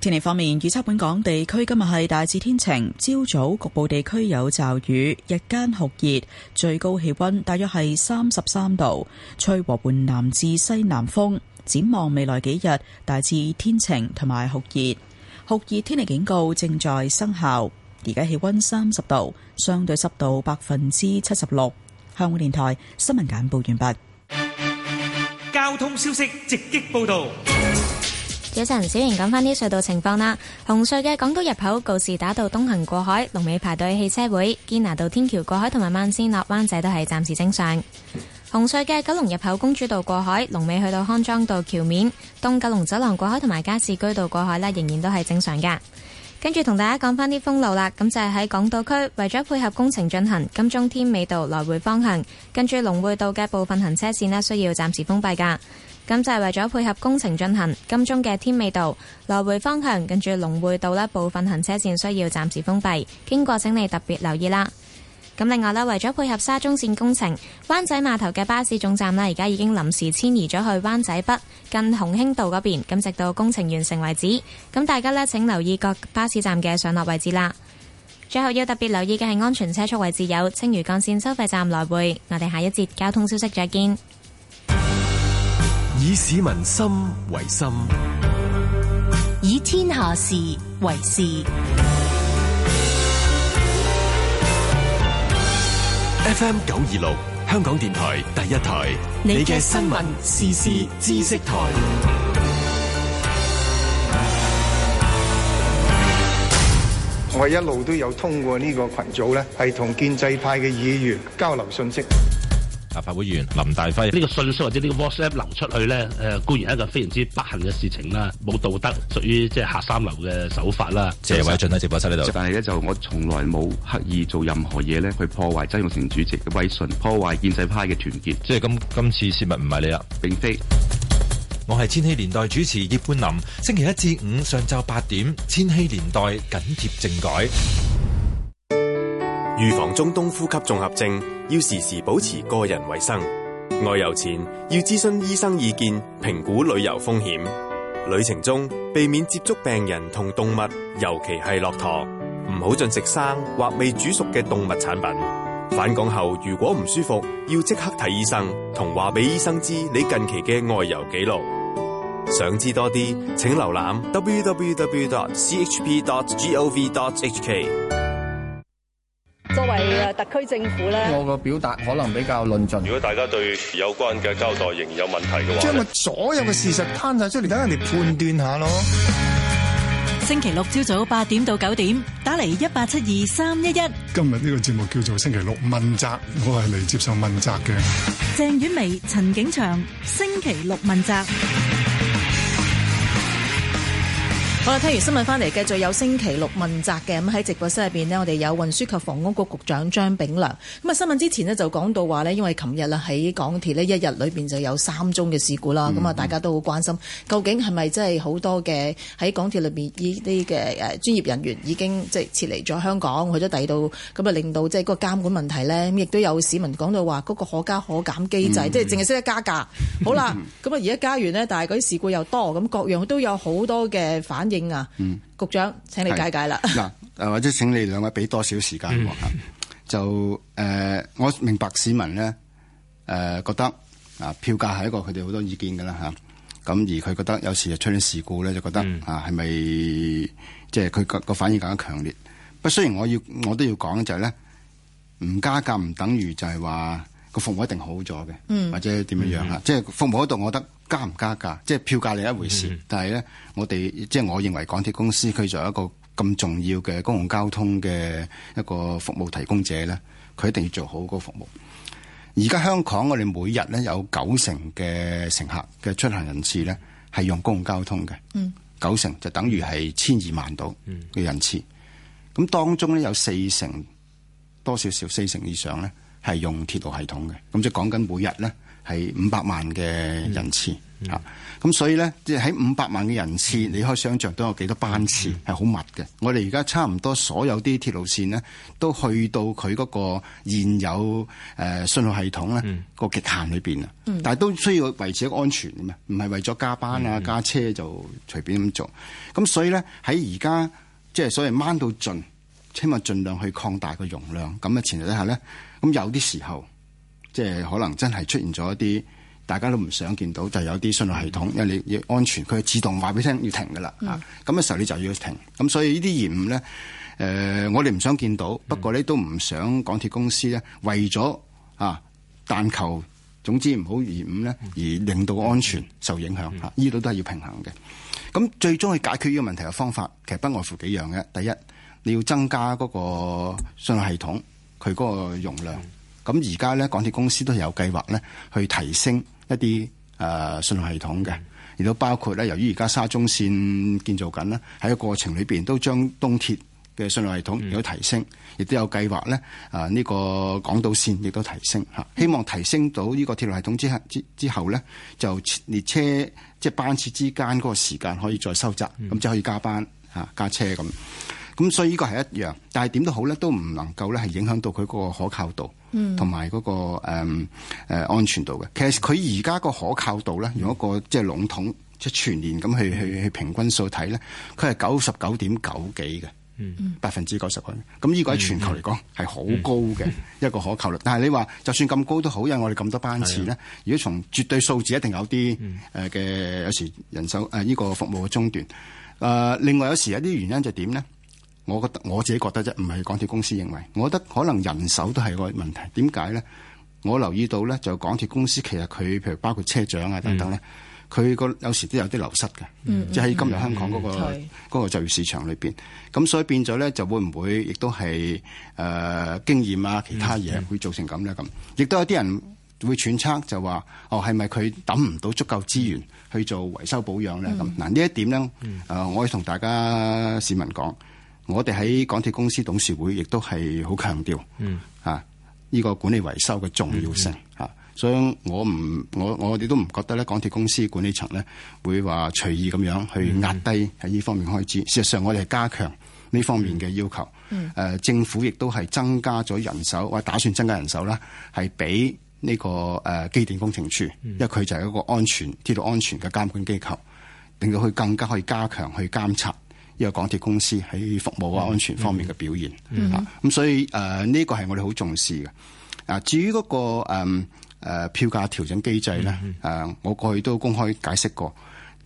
天氣方面，預測本港地區今日係大致天晴，朝早局部地區有驟雨，日間酷熱，最高氣温大約係三十三度，吹和緩南至西南風。展望未來幾日大致天晴同埋酷熱，酷熱天氣警告正在生效。而家氣溫三十度，相對濕度百分之七十六。香港電台新聞簡報完畢。交通消息直擊報道。早晨，小瑩，講翻啲隧道情況啦。紅隧嘅港島入口告士打道東行過海龍尾排隊，汽車會堅拿道天橋過海同埋慢綫落灣仔都係暫時正常。紅隧嘅九龍入口公主道過海，龍尾去到康莊道橋面，東九龍走廊過海同埋加士居道過海呢，仍然都係正常噶。跟住同大家講翻啲封路啦，咁就係喺港島區為咗配合工程進行，金鐘添美道來回方向，跟住龍匯道嘅部分行車線呢，需要暫時封閉噶。咁就係為咗配合工程進行，金鐘嘅添美道來回方向，跟住龍匯道呢，部分行車線需要暫時封閉，經過請你特別留意啦。咁另外呢，為咗配合沙中線工程，灣仔碼頭嘅巴士總站呢，而家已經臨時遷移咗去灣仔北近鴻興道嗰邊。咁直到工程完成為止，咁大家呢，請留意各巴士站嘅上落位置啦。最後要特別留意嘅係安全車速位置，有青嶼幹線收費站來回。我哋下一節交通消息再見。以市民心為心，以天下事為事。FM 九二六，香港電台第一台，你嘅新聞時事知識台。我一路都有通過呢個群組咧，係同建制派嘅議員交流信息。立法會議員林大輝，呢、這個信息或者呢個 WhatsApp 流出去呢，誒、呃，固然係一個非常之不幸嘅事情啦，冇道德，屬於即係下三流嘅手法啦。謝偉俊喺直播室呢度，但係呢就是就是、我從來冇刻意做任何嘢呢，去破壞曾鈺成主席嘅威信，破壞建制派嘅團結。即係今今次洩密唔係你啊，並非。我係千禧年代主持葉冠霖。星期一至五上晝八點，千禧年代緊貼政改。預防中東呼吸綜合症，要時時保持個人衛生。外遊前要諮詢醫生意見，評估旅遊風險。旅程中避免接觸病人同動物，尤其係駱駝。唔好進食生或未煮熟嘅動物產品。返港後如果唔舒服，要即刻睇醫生，同話俾醫生知你近期嘅外遊紀錄。想知多啲，請瀏覽 www.chp.gov.hk。特區政府咧，我個表達可能比較論盡。如果大家對有關嘅交代仍然有問題嘅話，將咪所有嘅事實攤晒出嚟，等人哋判斷下咯。星期六朝早八點到九點，打嚟一八七二三一一。今日呢個節目叫做星期六問責，我係嚟接受問責嘅。鄭婉薇、陳景祥，星期六問責。好啦，聽完新聞翻嚟，繼續有星期六問責嘅。咁喺直播室入邊呢，我哋有運輸及房屋局局長張炳良。咁啊，新聞之前呢就講到話呢，因為琴日啦喺港鐵呢一日裏邊就有三宗嘅事故啦，咁、嗯、啊，大家都好關心究竟係咪真係好多嘅喺港鐵裏邊呢啲嘅專業人員已經即係撤離咗香港去咗第二度，咁啊令到即係個監管問題呢，亦都有市民講到話嗰、嗰個可加可減機制，嗯、即係淨係識得加價。嗯、好啦，咁啊而家加完呢，但係嗰啲事故又多，咁各樣都有好多嘅反應。嗯，局長，請你解解啦。嗱、呃，或者請你兩位俾多少時間我、嗯啊，就誒、呃，我明白市民咧，誒、呃，覺得啊，票價係一個佢哋好多意見噶啦吓。咁、啊、而佢覺得有時就出現事故咧，就覺得、嗯、啊，係咪即係佢個反應更加強烈？不，雖然我要我都要講就係、是、咧，唔加價唔等於就係話個服務一定好咗嘅、嗯，或者點樣樣、嗯、啊？即、就、係、是、服務嗰度，我覺得。加唔加價？即係票價係一回事，嗯、但係咧，我哋即係我認為港鐵公司佢作為一個咁重要嘅公共交通嘅一個服務提供者咧，佢一定要做好嗰個服務。而家香港我哋每日咧有九成嘅乘客嘅出行人次咧係用公共交通嘅，嗯，九成就等於係千二萬度嘅人次。咁、嗯、當中咧有四成多少少四成以上咧係用鐵路系統嘅。咁即係講緊每日咧。係五百萬嘅人次啊，咁、嗯嗯、所以咧，即係喺五百萬嘅人次、嗯，你可以想象都有幾多班次，係、嗯、好密嘅。我哋而家差唔多所有啲鐵路線呢，都去到佢嗰個現有誒信號系統咧個極限裏邊啊、嗯。但係都需要維持一個安全嘅嘛，唔係為咗加班啊、嗯、加車就隨便咁做。咁所以咧喺而家即係所謂掹到盡，起碼盡量去擴大個容量。咁啊前提下咧，咁有啲時候。即係可能真係出現咗一啲大家都唔想見到，就有啲信號系統、嗯，因為你要安全，佢、嗯、自動話俾你聽要停噶啦。啊、嗯，咁嘅時候你就要停。咁所以這些呢啲延誤咧，誒、呃，我哋唔想見到。嗯、不過咧，都唔想港鐵公司咧為咗啊，但求總之唔好延誤咧，而令到安全受影響。嗯、啊，呢度都係要平衡嘅。咁最終去解決呢個問題嘅方法，其實不外乎幾樣嘅。第一，你要增加嗰個信號系統佢嗰個容量。嗯咁而家咧，港鐵公司都有計劃咧，去提升一啲誒信號系統嘅，亦都包括咧。由於而家沙中線建造緊啦，喺過程裏邊都將東鐵嘅信號系統有提升，亦都有計劃咧。啊，呢個港島線亦都提升吓，希望提升到呢個鐵路系統之後之之後咧，就列車即係、就是、班次之間嗰個時間可以再收窄，咁就可以加班吓加車咁。咁、嗯、所以呢個係一樣，但係點都好咧，都唔能夠咧係影響到佢嗰個可靠度、嗰個，同埋嗰個誒安全度嘅。其實佢而家個可靠度咧，用一、嗰個即係、即係、籠統，即係全年咁去去、嗯、去平均數睇咧，佢係九十九點九幾嘅，百分之九十。咁呢、嗯、個喺全球嚟講係好高嘅一個可靠率。嗯、但係你話就算咁高都好，因為我哋咁多班次咧，如果從絕對數字一定有啲誒嘅有時人手誒呢、呃呢個服務嘅中斷。誒、呃，另外有時有啲原因就點咧？我覺得我自己覺得啫，唔係港鐵公司認為。我覺得可能人手都係個問題。點解咧？我留意到咧，就港鐵公司其實佢譬如包括車長啊等等咧，佢個有時都有啲流失嘅，即係喺今日香港嗰個嗰個就業市場裏邊。咁所以變咗咧，就會唔會亦都係誒經驗啊其他嘢會造成咁咧咁。亦都有啲人會揣測就話：哦，係咪佢揼唔到足夠資源去做維修保養咧？咁嗱呢一點咧，誒，我要同大家市民講。我哋喺港鐵公司董事會亦都係好強調，啊，呢個管理維修嘅重要性啊，mm-hmm. 所以我唔，我我哋都唔覺得咧，港鐵公司管理層咧會話隨意咁樣去壓低喺呢方面開支。Mm-hmm. 事實上，我哋係加強呢方面嘅要求。誒、mm-hmm. 呃，政府亦都係增加咗人手，或打算增加人手啦，係俾呢個誒、呃、機電工程處，mm-hmm. 因為佢就係一個安全、鐵路安全嘅監管機構，令到佢更加可以加強去監察。一個港鐵公司喺服務啊、安全方面嘅表現，吓、mm-hmm. 咁、啊、所以誒呢、呃這個係我哋好重視嘅。啊，至於嗰、那個誒誒、嗯呃、票價調整機制咧，誒、mm-hmm. 啊、我過去都公開解釋過。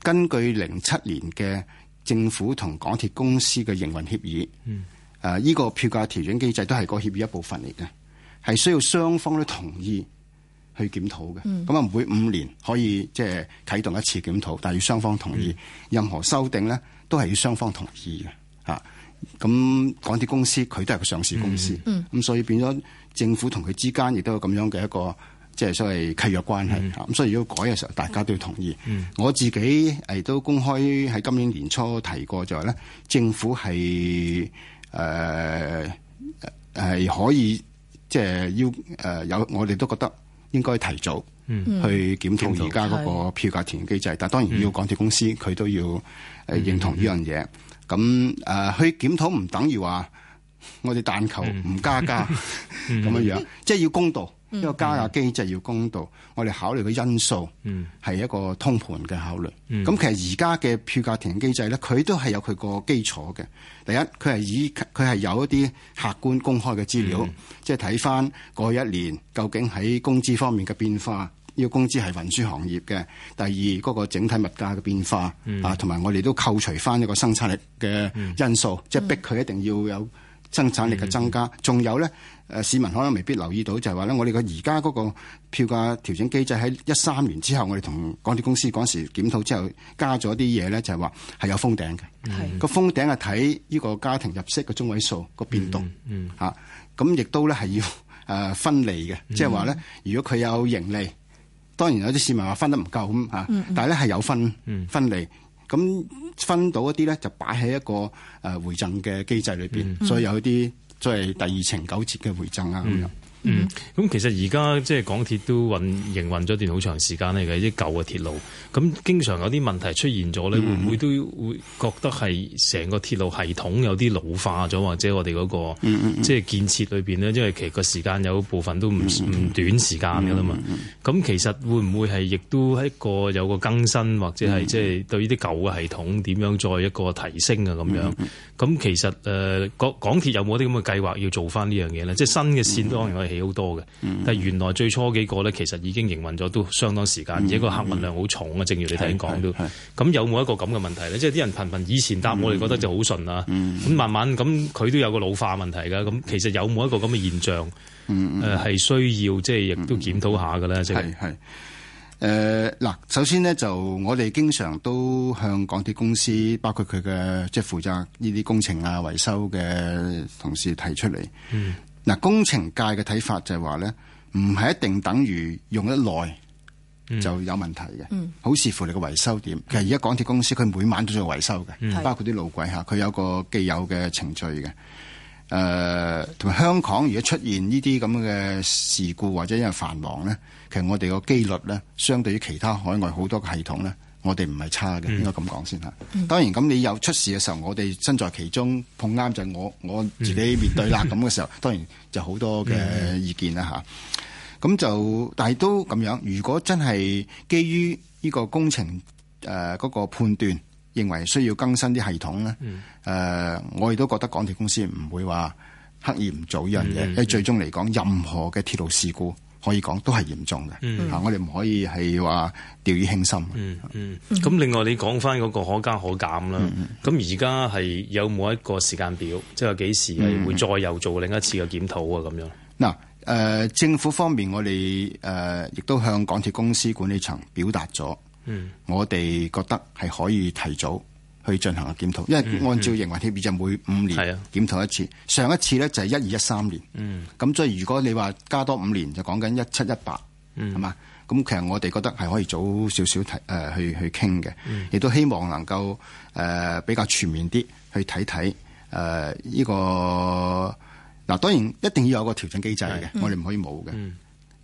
根據零七年嘅政府同港鐵公司嘅營運協議，誒、mm-hmm. 呢、啊這個票價調整機制都係個協議一部分嚟嘅，係需要雙方都同意。去檢討嘅咁啊，每五年可以即係、就是、啟動一次檢討，但係要雙方同意。嗯、任何修訂咧都係要雙方同意嘅嚇。咁港鐵公司佢都係個上市公司，咁、嗯、所以變咗政府同佢之間亦都有咁樣嘅一個即係、就是、所謂契約關係嚇。咁、嗯、所以如果改嘅時候，大家都要同意。嗯、我自己誒都公開喺今年年初提過就係政府係、呃係可以，就係咧政府係誒係可以即係要誒有、呃，我哋都覺得。應該提早去檢討而家嗰個票價調控機制、嗯，但當然要港鐵公司佢、嗯、都要誒認同呢樣嘢。咁、嗯、誒、呃、去檢討唔等於話我哋但求唔加價咁樣樣，嗯、即係要公道，一個加價機制要公道，嗯、我哋考慮嘅因素係一個通盤嘅考慮。咁、嗯、其實而家嘅票價停機制咧，佢都係有佢個基礎嘅。第一，佢係以佢係有一啲客觀公開嘅資料，嗯、即係睇翻過去一年究竟喺工資方面嘅變化。呢個工資係運輸行業嘅。第二，嗰、嗰個整體物價嘅變化、嗯、啊，同埋我哋都扣除翻一個生產力嘅因素，嗯、即係逼佢一定要有。生產力嘅增加，仲、嗯、有咧，市民可能未必留意到，就係話咧，我哋嘅而家嗰個票價調整機制喺一三年之後，我哋同港鐵公司嗰陣時檢討之後，加咗啲嘢咧，就係話係有封頂嘅。嗯嗯，個封頂係睇呢個家庭入息嘅中位數、個變動。嗯咁亦、嗯啊、都咧係要誒、呃、分利嘅，即係話咧，如果佢有盈利，當然有啲市民話分得唔夠咁、啊、但係咧係有分分利咁。嗯嗯分到一啲咧，就擺喺一個誒回贈嘅機制裏邊。嗯，所以有啲即係第二層九折嘅回贈啊咁，嗯，樣。嗯，咁其實而家即係港鐵都運營運咗段好長時間嚟嘅，啲舊嘅鐵路，咁經常有啲問題出現咗咧，會唔會都會覺得係成個鐵路系統有啲老化咗，或者我哋、嗰個即係、就是、建設裏邊咧，因為其實個時間有部分都唔唔短時間嘅啦嘛。咁其實會唔會係亦都係一個有一個更新，或者係即係對呢啲舊嘅系統點樣再一個提升啊咁樣，咁其實誒港、呃、港鐵有冇啲咁嘅計劃要做翻呢樣嘢咧？即、就、係、是、新嘅綫都可能。幾好多嘅，但係原來最初幾個咧，其實已經營運咗都相當時間，而、嗯、且、嗯、個客運量好重啊、嗯。正如你頭先講都，咁有冇一個咁嘅問題咧？即係啲人頻頻以前答我哋，覺得就好順啊。咁、嗯嗯、慢慢咁，佢都有個老化問題噶。咁其實有冇一個咁嘅現象？誒、嗯，係、嗯呃、需要即係亦都檢討下噶、呃、啦。即係係誒，嗱，首先呢，就我哋經常都向港鐵公司，包括佢嘅即係負責呢啲工程啊、維修嘅同事提出嚟。嗯嗱，工程界嘅睇法就係話咧，唔係一定等於用得耐就有問題嘅，好、嗯、視乎你個維修點。其實而家港鐵公司佢每晚都做維修嘅、嗯，包括啲路軌吓，佢有個既有嘅程序嘅。誒、呃，同埋香港如果出現呢啲咁嘅事故或者因為繁忙咧，其實我哋個機率咧，相對於其他海外好多個系統咧。我哋唔係差嘅，應該咁講先嚇。當然咁，你有出事嘅時候，我哋身在其中碰啱就我我自己面對啦，咁嘅時候， *laughs* 當然就好多嘅意見啦嚇。咁就但係都咁樣，如果真係基於呢個工程嗰、呃嗰個判斷，認為需要更新啲系統咧、 *laughs* 呃，我亦都覺得港鐵公司唔會話刻意唔做依樣嘢， *laughs* 最終嚟講，任何嘅鐵路事故。可以講都係嚴重嘅，mm-hmm. 我哋唔可以係話掉以輕心。嗯、mm-hmm. 嗯，咁、mm-hmm. 另外你講翻嗰個可加可減啦，咁而家係有冇一個時間表，即係幾時係會再又做另一次嘅檢討啊？咁、mm-hmm. 樣嗱，誒、呃、政府方面我哋亦、呃、都向港鐵公司管理層表達咗，嗯、mm-hmm.，我哋覺得係可以提早。去進行嘅檢討，因為按照《營運協議》就、嗯嗯、每五年檢討一次，啊、上一次呢就係一二一三年。咁、嗯、所以如果你話加多五年，就講緊一七一八，係嘛？咁其實我哋覺得係可以早少少提誒，去去傾嘅，亦、嗯、都希望能夠誒、呃、比較全面啲去睇睇誒呢個嗱、呃。當然一定要有個調整機制嘅，我哋唔可以冇嘅。咁、嗯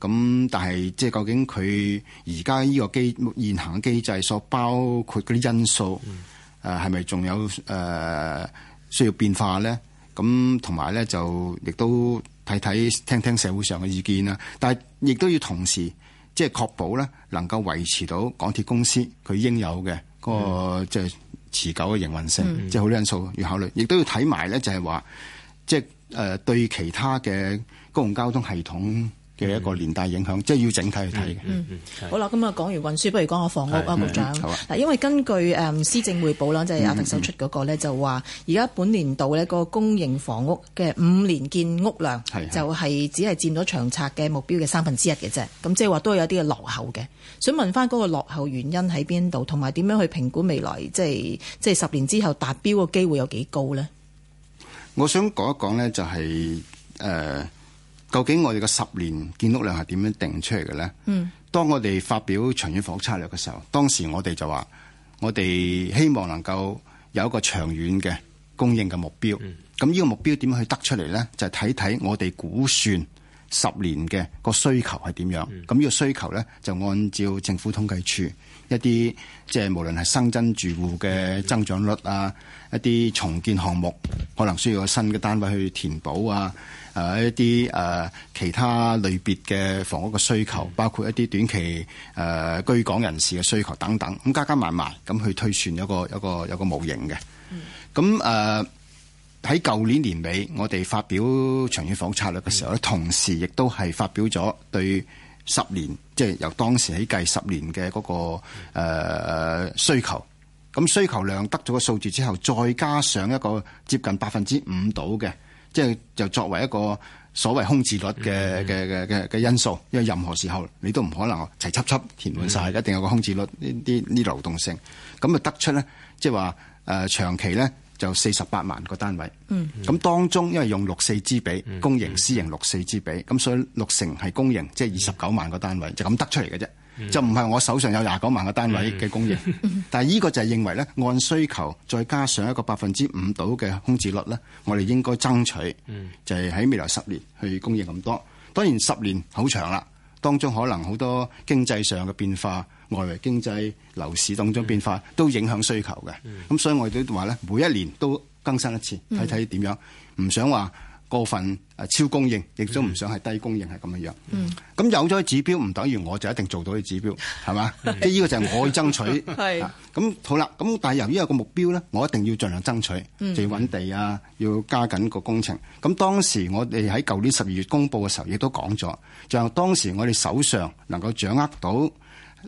嗯、但係即係究竟佢而家呢個機現行嘅機制所包括嗰啲因素，嗯誒係咪仲有誒、呃、需要變化咧？咁同埋咧就亦都睇睇、聽聽社會上嘅意見啦，但係亦都要同時即係確保咧能夠維持到港鐵公司佢應有嘅嗰、嗰個即係、即係、持久嘅營運性，即係好多因素要考慮。亦都要睇埋咧就係話，即係誒對其他嘅公共交通系統。嘅一個連帶影響，即、mm-hmm. 係要整體去睇嘅。嗯、mm-hmm. 嗯、mm-hmm.，好啦，咁啊講完運輸，不如講下房屋啊，局、mm-hmm. 長。嗱、mm-hmm.，因為根據誒施、嗯、政匯報啦，即係阿特首出嗰個咧，就話而家本年度呢、個公營房屋嘅五年建屋量，mm-hmm. 就係只係佔咗長策嘅目標嘅三分之一嘅啫。咁即係話都有啲嘅落後嘅。想問翻嗰個落後原因喺邊度，同埋點樣去評估未來即係即係十年之後達標嘅機會有幾高呢？我想講一講呢、就係，就係誒。究竟我哋嘅十年建屋量係點樣定出嚟嘅咧？當我哋發表長遠房屋策略嘅時候，當時我哋就話，我哋希望能夠有一個長遠嘅供應嘅目標。咁、嗯、呢個目標點樣去得出嚟咧？就係睇睇我哋估算十年嘅、嗯、個需求係點樣。咁呢個需求咧，就按照政府統計處一啲即係無論係新增住戶嘅增長率啊，一啲重建項目可能需要個新嘅單位去填補啊。啊！一啲誒其他類別嘅房屋嘅需求，包括一啲短期誒居港人士嘅需求等等，咁加加埋埋咁去推算一個一個一個模型嘅。咁誒喺舊年年尾，我哋發表長遠房策略嘅時候，同時亦都係發表咗對十年，即係由當時起計十年嘅嗰個誒需求。咁需求量得咗個數字之後，再加上一個接近百分之五度嘅。即係就作為一個所謂空置率嘅嘅嘅嘅嘅因素，因為任何時候你都唔可能齊輯輯填滿曬，一定有個空置率呢啲呢流動性。咁啊得出咧，即係話誒長期咧就四十八萬個單位。嗯，咁當中因為用六四之比，公營私營六四之比，咁所以六成係公營，即係二十九萬個單位就咁得出嚟嘅啫。就唔係我手上有廿九萬個單位嘅供應，mm. 但係依個就係認為咧，按需求再加上一個百分之五到嘅空置率咧，我哋應該爭取，就係喺未來十年去供應咁多。當然十年好長啦，當中可能好多經濟上嘅變化，外圍經濟樓市當中變化都影響需求嘅。咁所以我哋都話咧，每一年都更新一次，睇睇點樣，唔想話，過份誒超供應，亦都唔想係低供應係咁樣樣。咁有咗指標唔等於我就一定做到啲指標，係嘛？即係依個就係我去爭取。咁好啦，咁但係由於有個目標咧，我一定要盡量爭取，就要揾地啊，要加緊個工程。咁當時我哋喺舊年十二月公布嘅時候，亦都講咗，就當時我哋手上能夠掌握到誒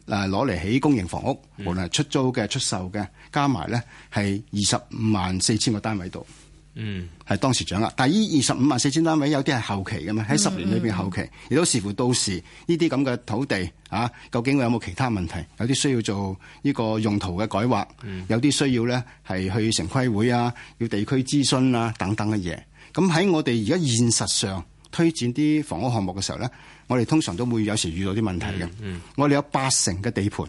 攞嚟起公營房屋，無論係出租嘅、出售嘅，加埋咧係二十五萬四千個單位度。嗯，係當時掌握，但係依二十五萬四千單位有啲係後期嘅嘛，喺十年裏邊後期，亦、嗯、都、嗯、視乎到時呢啲咁嘅土地啊，究竟會有冇其他問題？有啲需要做呢個用途嘅改劃，有啲需要咧係去城規會啊，要地區諮詢啊等等嘅嘢。咁喺我哋而家現實上推薦啲房屋項目嘅時候咧，我哋通常都會有時遇到啲問題嘅、嗯嗯。我哋有八成嘅地盤。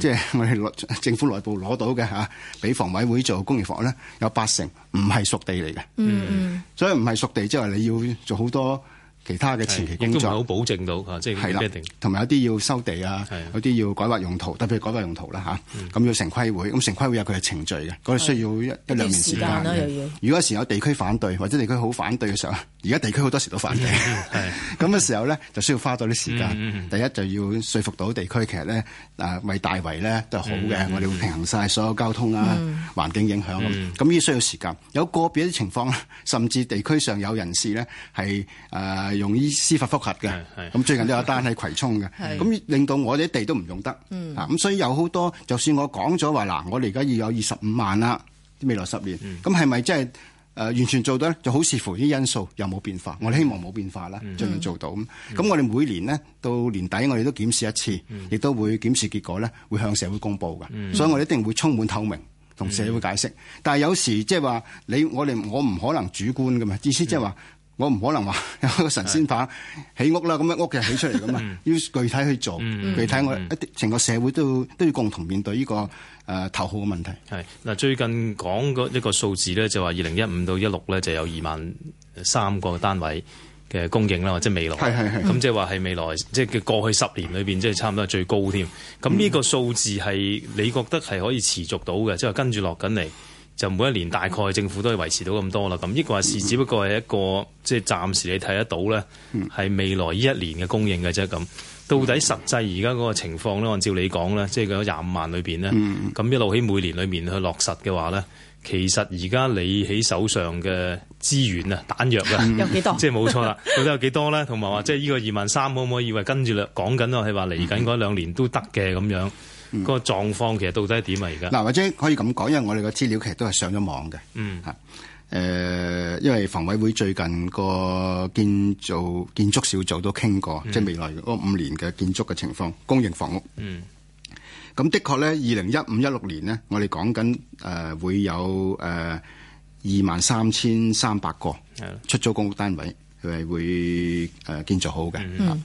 即係我哋內政府內部攞到嘅嚇，俾房委會做工業房咧，有八成唔係熟地嚟嘅，嗯、所以唔係熟地即係話你要做好多。其他嘅前期工作都唔係好保證到，即係啦，同、嗯、埋有啲要收地啊，有啲要改劃用途，特別改劃用途啦吓，咁、嗯、要城規會，咁城規會有佢嘅程序嘅，嗰度需要一兩年時間。如果有時候有地區反對，或者地區好反對嘅時候，而家地區好多時都反對，咁嘅時候咧就需要花多啲時間。第一就要說服到地區，其實咧啊大為大圍咧都係好嘅，我哋會平衡晒所有交通啊、環境影響咁，呢、嗯、需要時間。有個別啲情況甚至地區上有人士咧係用於司法複核嘅，咁最近都有單係葵涌嘅，咁令到我哋啲地都唔用得，啊咁所以有好多，就算我講咗話嗱，我哋而家要有二十五萬啦，未來十年，咁係咪即係誒完全做到咧？就好視乎啲因素有冇變化，我哋希望冇變化啦，儘、嗯、量做到咁。咁、嗯、我哋每年呢，到年底，我哋都檢視一次，亦、嗯、都會檢視結果咧，會向社會公佈嘅、嗯，所以我哋一定會充滿透明同社會解釋。嗯、但係有時即係話你我哋我唔可能主觀嘅嘛，意思即係話。嗯我唔可能話有個神仙法起屋啦，咁樣屋嘅起出嚟咁啊，要 *laughs* 具體去做， *laughs* 嗯嗯嗯具體我一成個社會都要都要共同面對呢、這個、呃、頭號嘅問題。係嗱，最近講個一個數字咧，就話二零一五到一六咧，就有二萬三個單位嘅供應啦，即、就、係、是、未來。係係係。咁即係話係未來，即、就、係、是、過去十年裏面，即係差唔多係最高添。咁呢個數字係你覺得係可以持續到嘅，即、就、係、是、跟住落緊嚟。就每一年大概政府都係維持到咁多啦，咁呢個係事，只不過係一個即係、就是、暫時你睇得到咧，係、嗯、未來呢一年嘅供應嘅啫。咁到底實際而家嗰個情況咧，按照你講咧，即係嗰廿五萬裏面咧，咁、嗯、一路喺每年裏面去落實嘅話咧，其實而家你喺手上嘅資源啊，彈藥啊，有、嗯、幾多？即係冇錯啦， *laughs* 到底有幾多咧？同埋話即係呢個二萬三可唔可以以為跟住講緊啊？係話嚟緊嗰兩年都得嘅咁樣。嗯，那個狀況其實到底係點啊？而家嗱，或者可以咁講，因為我哋個資料其實都係上咗網嘅。嗯，誒，因為房委會最近個建造建築小組都傾過，嗯、即係未來五年嘅建築嘅情況，供應房屋。嗯，咁的確咧，二零一五一六年呢，2015, 年我哋講緊誒會有誒二萬三千三百個出租公屋單位佢係會誒建造好嘅。嗯嗯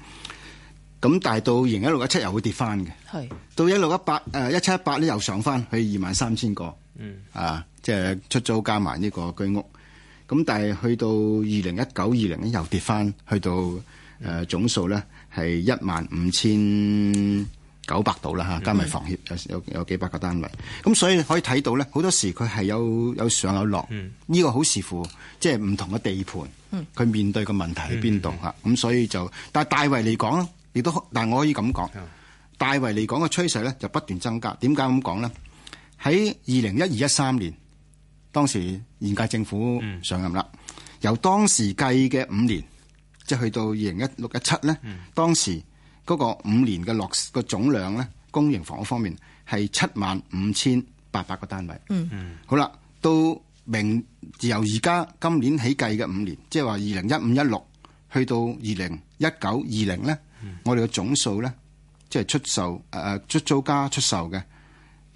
咁但係到二零一六一七又會跌翻嘅，到一六一八誒一七一八呢又上翻去二萬三千個，嗯、啊即係出租加埋呢個居屋。咁但係去到二零一九二零呢又跌翻，去到誒、呃、總數呢係一萬五千九百度啦吓，加埋房協有有有幾百個單位。咁所以可以睇到呢，好多時佢係有有上有落，呢、嗯這個好視乎即係唔同嘅地盤，佢面對嘅問題喺邊度吓。咁、嗯啊、所以就但係大圍嚟講。亦都，但我可以咁講，大圍嚟講嘅趨勢咧就不斷增加。點解咁講咧？喺二零一二一三年，當時現屆政府上任啦。由當時計嘅五年，即係去到二零一六一七咧，當時嗰個五年嘅落個總量咧，公營房屋方面係七萬五千八百個單位。嗯，好啦，到明由而家今年起計嘅五年，即係話二零一五一六去到二零一九二零咧。我哋嘅總數咧，即係出售誒誒出租加出售嘅，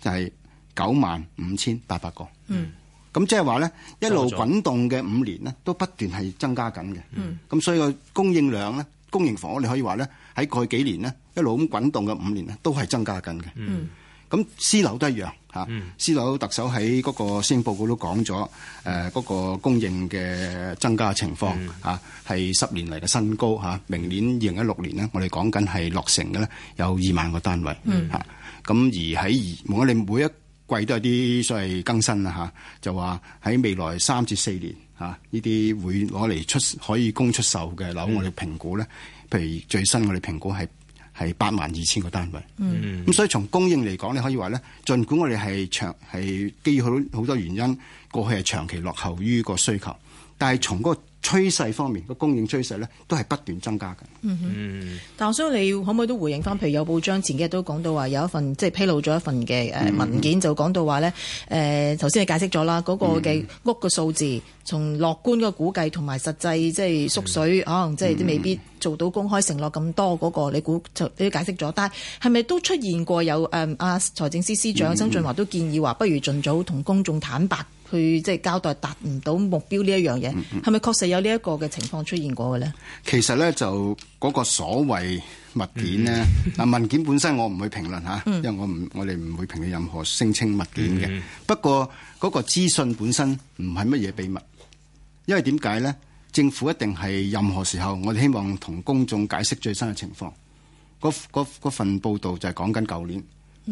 就係九萬五千八百個。嗯，咁即係話咧，一路滾動嘅五年咧，都不斷係增加緊嘅。嗯，咁所以個供應量咧，供應房屋你可以話咧，喺過去幾年咧，一路咁滾動嘅五年咧，都係增加緊嘅。嗯，咁私樓都一樣。啊！私樓特首喺嗰個施政報告都講咗，誒嗰個供應嘅增加情況啊，係十年嚟嘅新高嚇。明年二零一六年咧，我哋講緊係落成嘅咧有二萬個單位嚇。咁而喺而我哋每一季都有啲所謂更新啦嚇，就話喺未來三至四年嚇呢啲會攞嚟出可以供出售嘅樓，我哋評估咧，譬如最新我哋評估係。係八萬二千個單位，嗯，咁所以從供應嚟講，你可以話咧，盡管我哋係長係基於好好多原因，過去係長期落後於個需求。但係從嗰個趨勢方面，個供應趨勢咧，都係不斷增加嘅。嗯嗯。但係我想你可唔可以都回應翻，譬如有報章前幾日都講到話，有一份即係、嗯、披露咗一份嘅文件就，就講到話咧，誒頭先你解釋咗啦，嗰、那個嘅屋嘅數字、嗯，從樂觀個估計同埋實際即係縮水，嗯、可能即係都未必做到公開承諾咁多嗰、那個，你估就你都解釋咗。但係係咪都出現過有誒、嗯、啊財政司司長曾、嗯、俊華都建議話，不如盡早同公眾坦白？佢即係交代達唔到目標呢一樣嘢，係咪確實有呢一個嘅情況出現過嘅咧？其實咧，就嗰個所謂物件咧，嗱、嗯、文件本身我唔會評論吓，因為我唔我哋唔會評論任何聲稱物件嘅，嗯。不過嗰個資訊本身唔係乜嘢秘密，因為點解咧？政府一定係任何時候，我哋希望同公眾解釋最新嘅情況。嗰嗰份報道就係講緊舊年。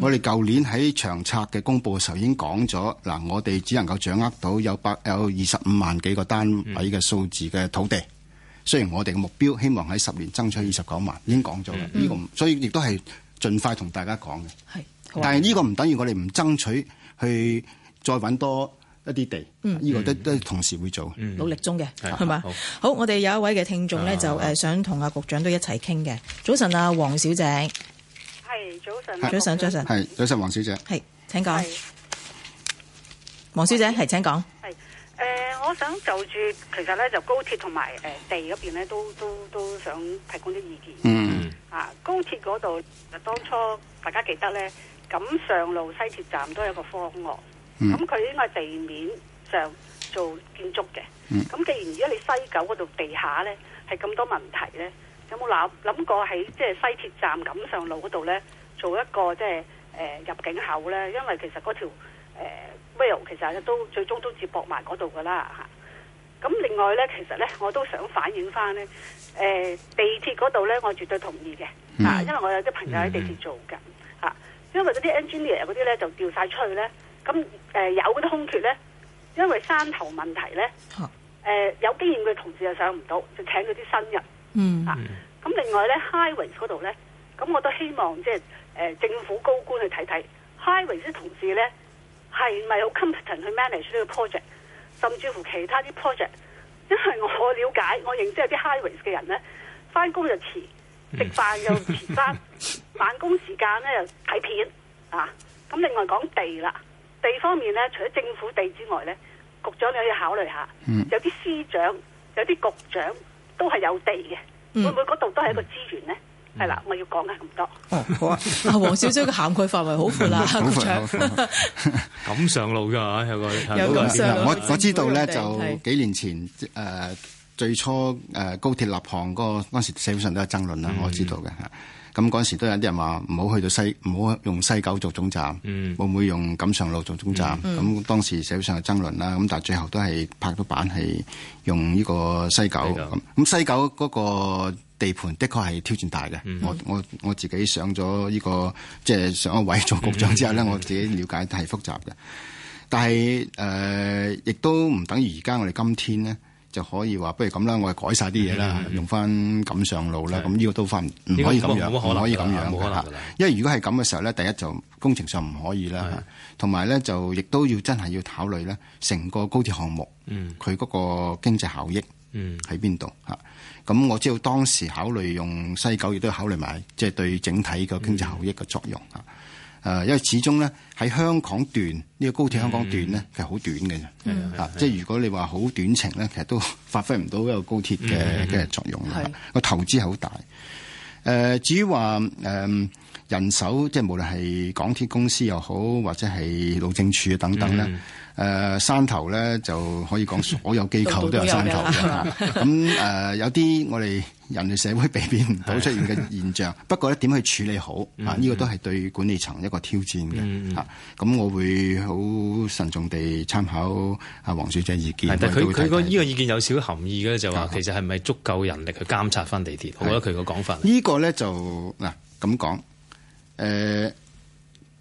我哋舊年喺長策嘅公佈嘅時候已經講咗，嗱我哋只能夠掌握到有百有二十五萬幾個單位嘅數字嘅土地。雖然我哋嘅目標希望喺十年爭取二十九萬，已經講咗啦。呢、嗯呢個、所以亦都係盡快同大家講嘅。係，但係呢個唔等於我哋唔爭取去再搵多一啲地。呢、嗯呢個都都同時會做，努力中嘅係嘛？好，我哋有一位嘅聽眾咧就誒想同阿局長都一齊傾嘅。早晨啊，黃小姐。係早，早晨，早晨係早晨，王小姐係，請講。王小姐係，請講。係誒、呃，我想就住其實咧，就高鐵同埋誒地嗰邊咧，都都都想提供啲意見。嗯啊，高鐵嗰度，當初大家記得咧，咁上路西鐵站都有個方案。嗯，咁佢應該地面上做建築嘅。嗯，咁既然如果你西九嗰度地下咧係咁多問題咧？有冇諗諗過喺即係西鐵站錦上路嗰度呢，做一個即係誒、呃、入境口呢？因為其實嗰條誒 rail 其實都最終都接駁埋嗰度噶啦吓。咁、啊、另外呢，其實呢，我都想反映翻呢誒地鐵嗰度呢，我絕對同意嘅，mm. 啊，因為我有啲朋友喺地鐵做緊吓、mm. 啊，因為嗰啲 engineer 嗰啲呢，就掉晒出去呢。咁、啊、誒、呃、有嗰啲空缺呢，因為山頭問題呢，誒、huh. 呃、有經驗嘅同事又上唔到，就請咗啲新人。嗯、mm-hmm.，啊，咁另外咧，highways 嗰度咧，咁我都希望即係誒政府高官去睇睇 highways 啲同事咧，係咪好 competent 去 manage 呢個 project，甚至乎其他啲 project？因為我了解，我認知有啲 highways 嘅人咧，翻工又遲，食飯又遲，翻、mm-hmm.，辦 *laughs* 公時間咧又睇片，啊，咁另外講地啦，地方面咧，除咗政府地之外咧，局長你可以考慮下，mm-hmm. 有啲司長，有啲局長。都係有地嘅、嗯，會唔會嗰度都係一個資源咧？係、嗯、啦，我要講嘅咁多、哦。好啊，黃、 *laughs* 啊、小姐嘅涵蓋範圍好闊啦，咁 *laughs* *laughs* *laughs* *laughs* 上路噶，有冇？有上 *laughs* 我我知道咧，就幾年前誒、呃，最初誒、呃、高鐵立項嗰、呃，當時社會上都有爭論啦。我知道嘅。嗯咁嗰陣時都有啲人話唔好去到西，唔好用西九做總站，嗯、會唔會用錦上路做總站？咁、嗯、當時社會上嘅爭論啦，咁但最後都係拍咗板係用呢個西九。咁西九嗰個地盤的確係挑戰大嘅、嗯。我我我自己上咗呢、這個即係、就是、上一位做局長之後咧、嗯，我自己了解係複雜嘅。但係誒、呃，亦都唔等於而家我哋今天咧。就可以話，不如咁啦，我係改晒啲嘢啦，用翻錦上路啦，咁呢個都翻唔可以咁樣，唔可以咁樣嘅。因為如果係咁嘅時候咧，第一就工程上唔可以啦，同埋咧就亦都要真係要考慮咧，成個高鐵項目，佢、嗯、嗰個經濟效益喺邊度嚇？咁、嗯、我知道當時考慮用西九，亦都考慮埋，即、就、係、是、對整體個經濟效益嘅作用、嗯誒，因為始終咧喺香港段呢、呢個高鐵香港段咧，其實好短嘅啫嚇，即、mm. 係如果你話好短程咧，其實都發揮唔到一個高鐵嘅嘅作用啦。個、mm-hmm. 投資好大，誒，至於話誒人手，即係無論係港鐵公司又好，或者係路政署等等咧。Mm-hmm. 誒、呃、山頭咧，就可以講所有機構都有山頭嘅。咁誒有啲我哋人類社會避免唔到出現嘅現象，不過咧點去處理好嗯嗯啊？呢、這個都係對管理層一個挑戰嘅咁、嗯嗯啊、我會好慎重地參考阿黃小姐意見。但佢佢個呢個意見有少含義嘅，就話其實係咪足夠人力去監察翻地鐵？我覺得佢、這個講法。呢個咧就嗱咁講，誒、呃、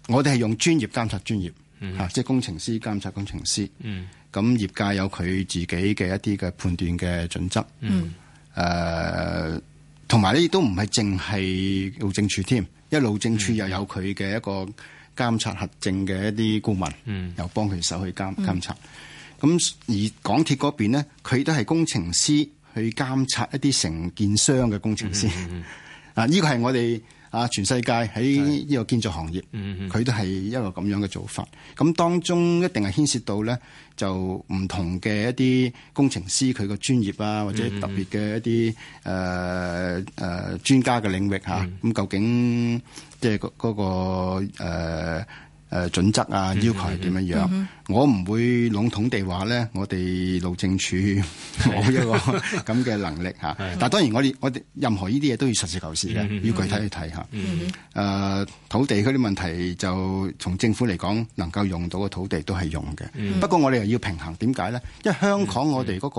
我哋係用專業監察專業。吓、嗯，即係工程師監察工程師，咁、嗯、業界有佢自己嘅一啲嘅判斷嘅準則，誒、嗯，同埋呢都唔係淨係路政處添，一路政處又有佢嘅一個監察核證嘅一啲顧問，嗯、又幫佢手去監監、嗯、察。咁而港鐵嗰邊呢，佢都係工程師去監察一啲承建商嘅工程師，呢個係我哋。啊！全世界喺呢個建築行業，佢都係一個咁樣嘅做法。咁當中一定係牽涉到咧，就唔同嘅一啲工程師佢個專業啊，或者特別嘅一啲誒誒專家嘅領域吓。咁、啊、究竟即係嗰、嗰個、呃誒準則啊，要求係點樣樣、mm-hmm. 我唔會籠統地話咧， *laughs* 我哋路政署冇一個咁嘅能力但當當然，我哋我哋任何呢啲嘢都要實事、mm-hmm. 求是嘅，要具體去睇下誒土地嗰啲問題就，就從政府嚟講，能夠用到嘅土地都係用嘅。Mm-hmm. 不過我哋又要平衡，點解咧？因為香港我哋嗰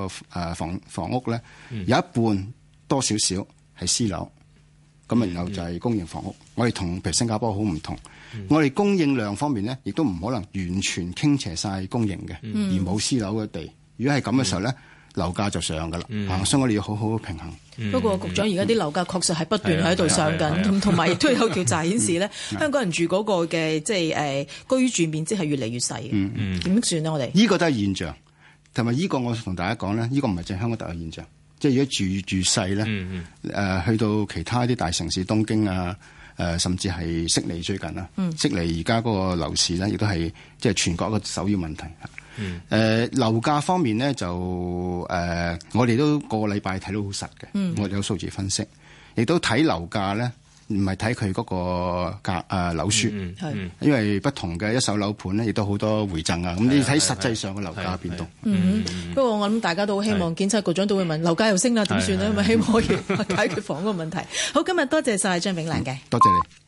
個房、mm-hmm. 房屋咧，有一半多少少係私樓。咁然後就係公營房屋。嗯、我哋同譬如新加坡好唔同，嗯、我哋供應量方面咧，亦都唔可能完全傾斜晒公營嘅、嗯，而冇私樓嘅地。如果係咁嘅時候咧，樓、嗯、價就上噶啦、嗯啊。所以我哋要好好平衡。不、嗯、過，局長而家啲樓價確實係不斷喺度上緊，咁同埋亦都有條債顯示咧， *laughs* 香港人住嗰個嘅即係誒居住面積係越嚟越細。嗯點點算咧？我哋呢、這個都係現象，同埋呢個我同大家講咧，呢、這個唔係淨係香港特有現象。即係如果住住細咧，誒、嗯嗯呃、去到其他啲大城市，東京啊，誒、呃、甚至係悉尼最近啦，悉尼而家嗰個樓市咧，亦都係即係全國一個首要問題嚇。誒、嗯嗯呃、樓價方面咧，就誒、呃、我哋都個個禮拜睇到好實嘅、嗯，我有數字分析，亦都睇樓價咧。唔係睇佢嗰個格格、呃、樓書、嗯，因為不同嘅一手樓盤咧，亦都好多回贈啊，咁你睇實際上嘅樓價變動啊。不過我諗大家都好希望啊，檢察局長都會問樓價又升啦，點算咧？咪、啊啊、希望可以解決房屋嘅問題。 *laughs* 好，今日多謝晒張炳良嘅。多謝你。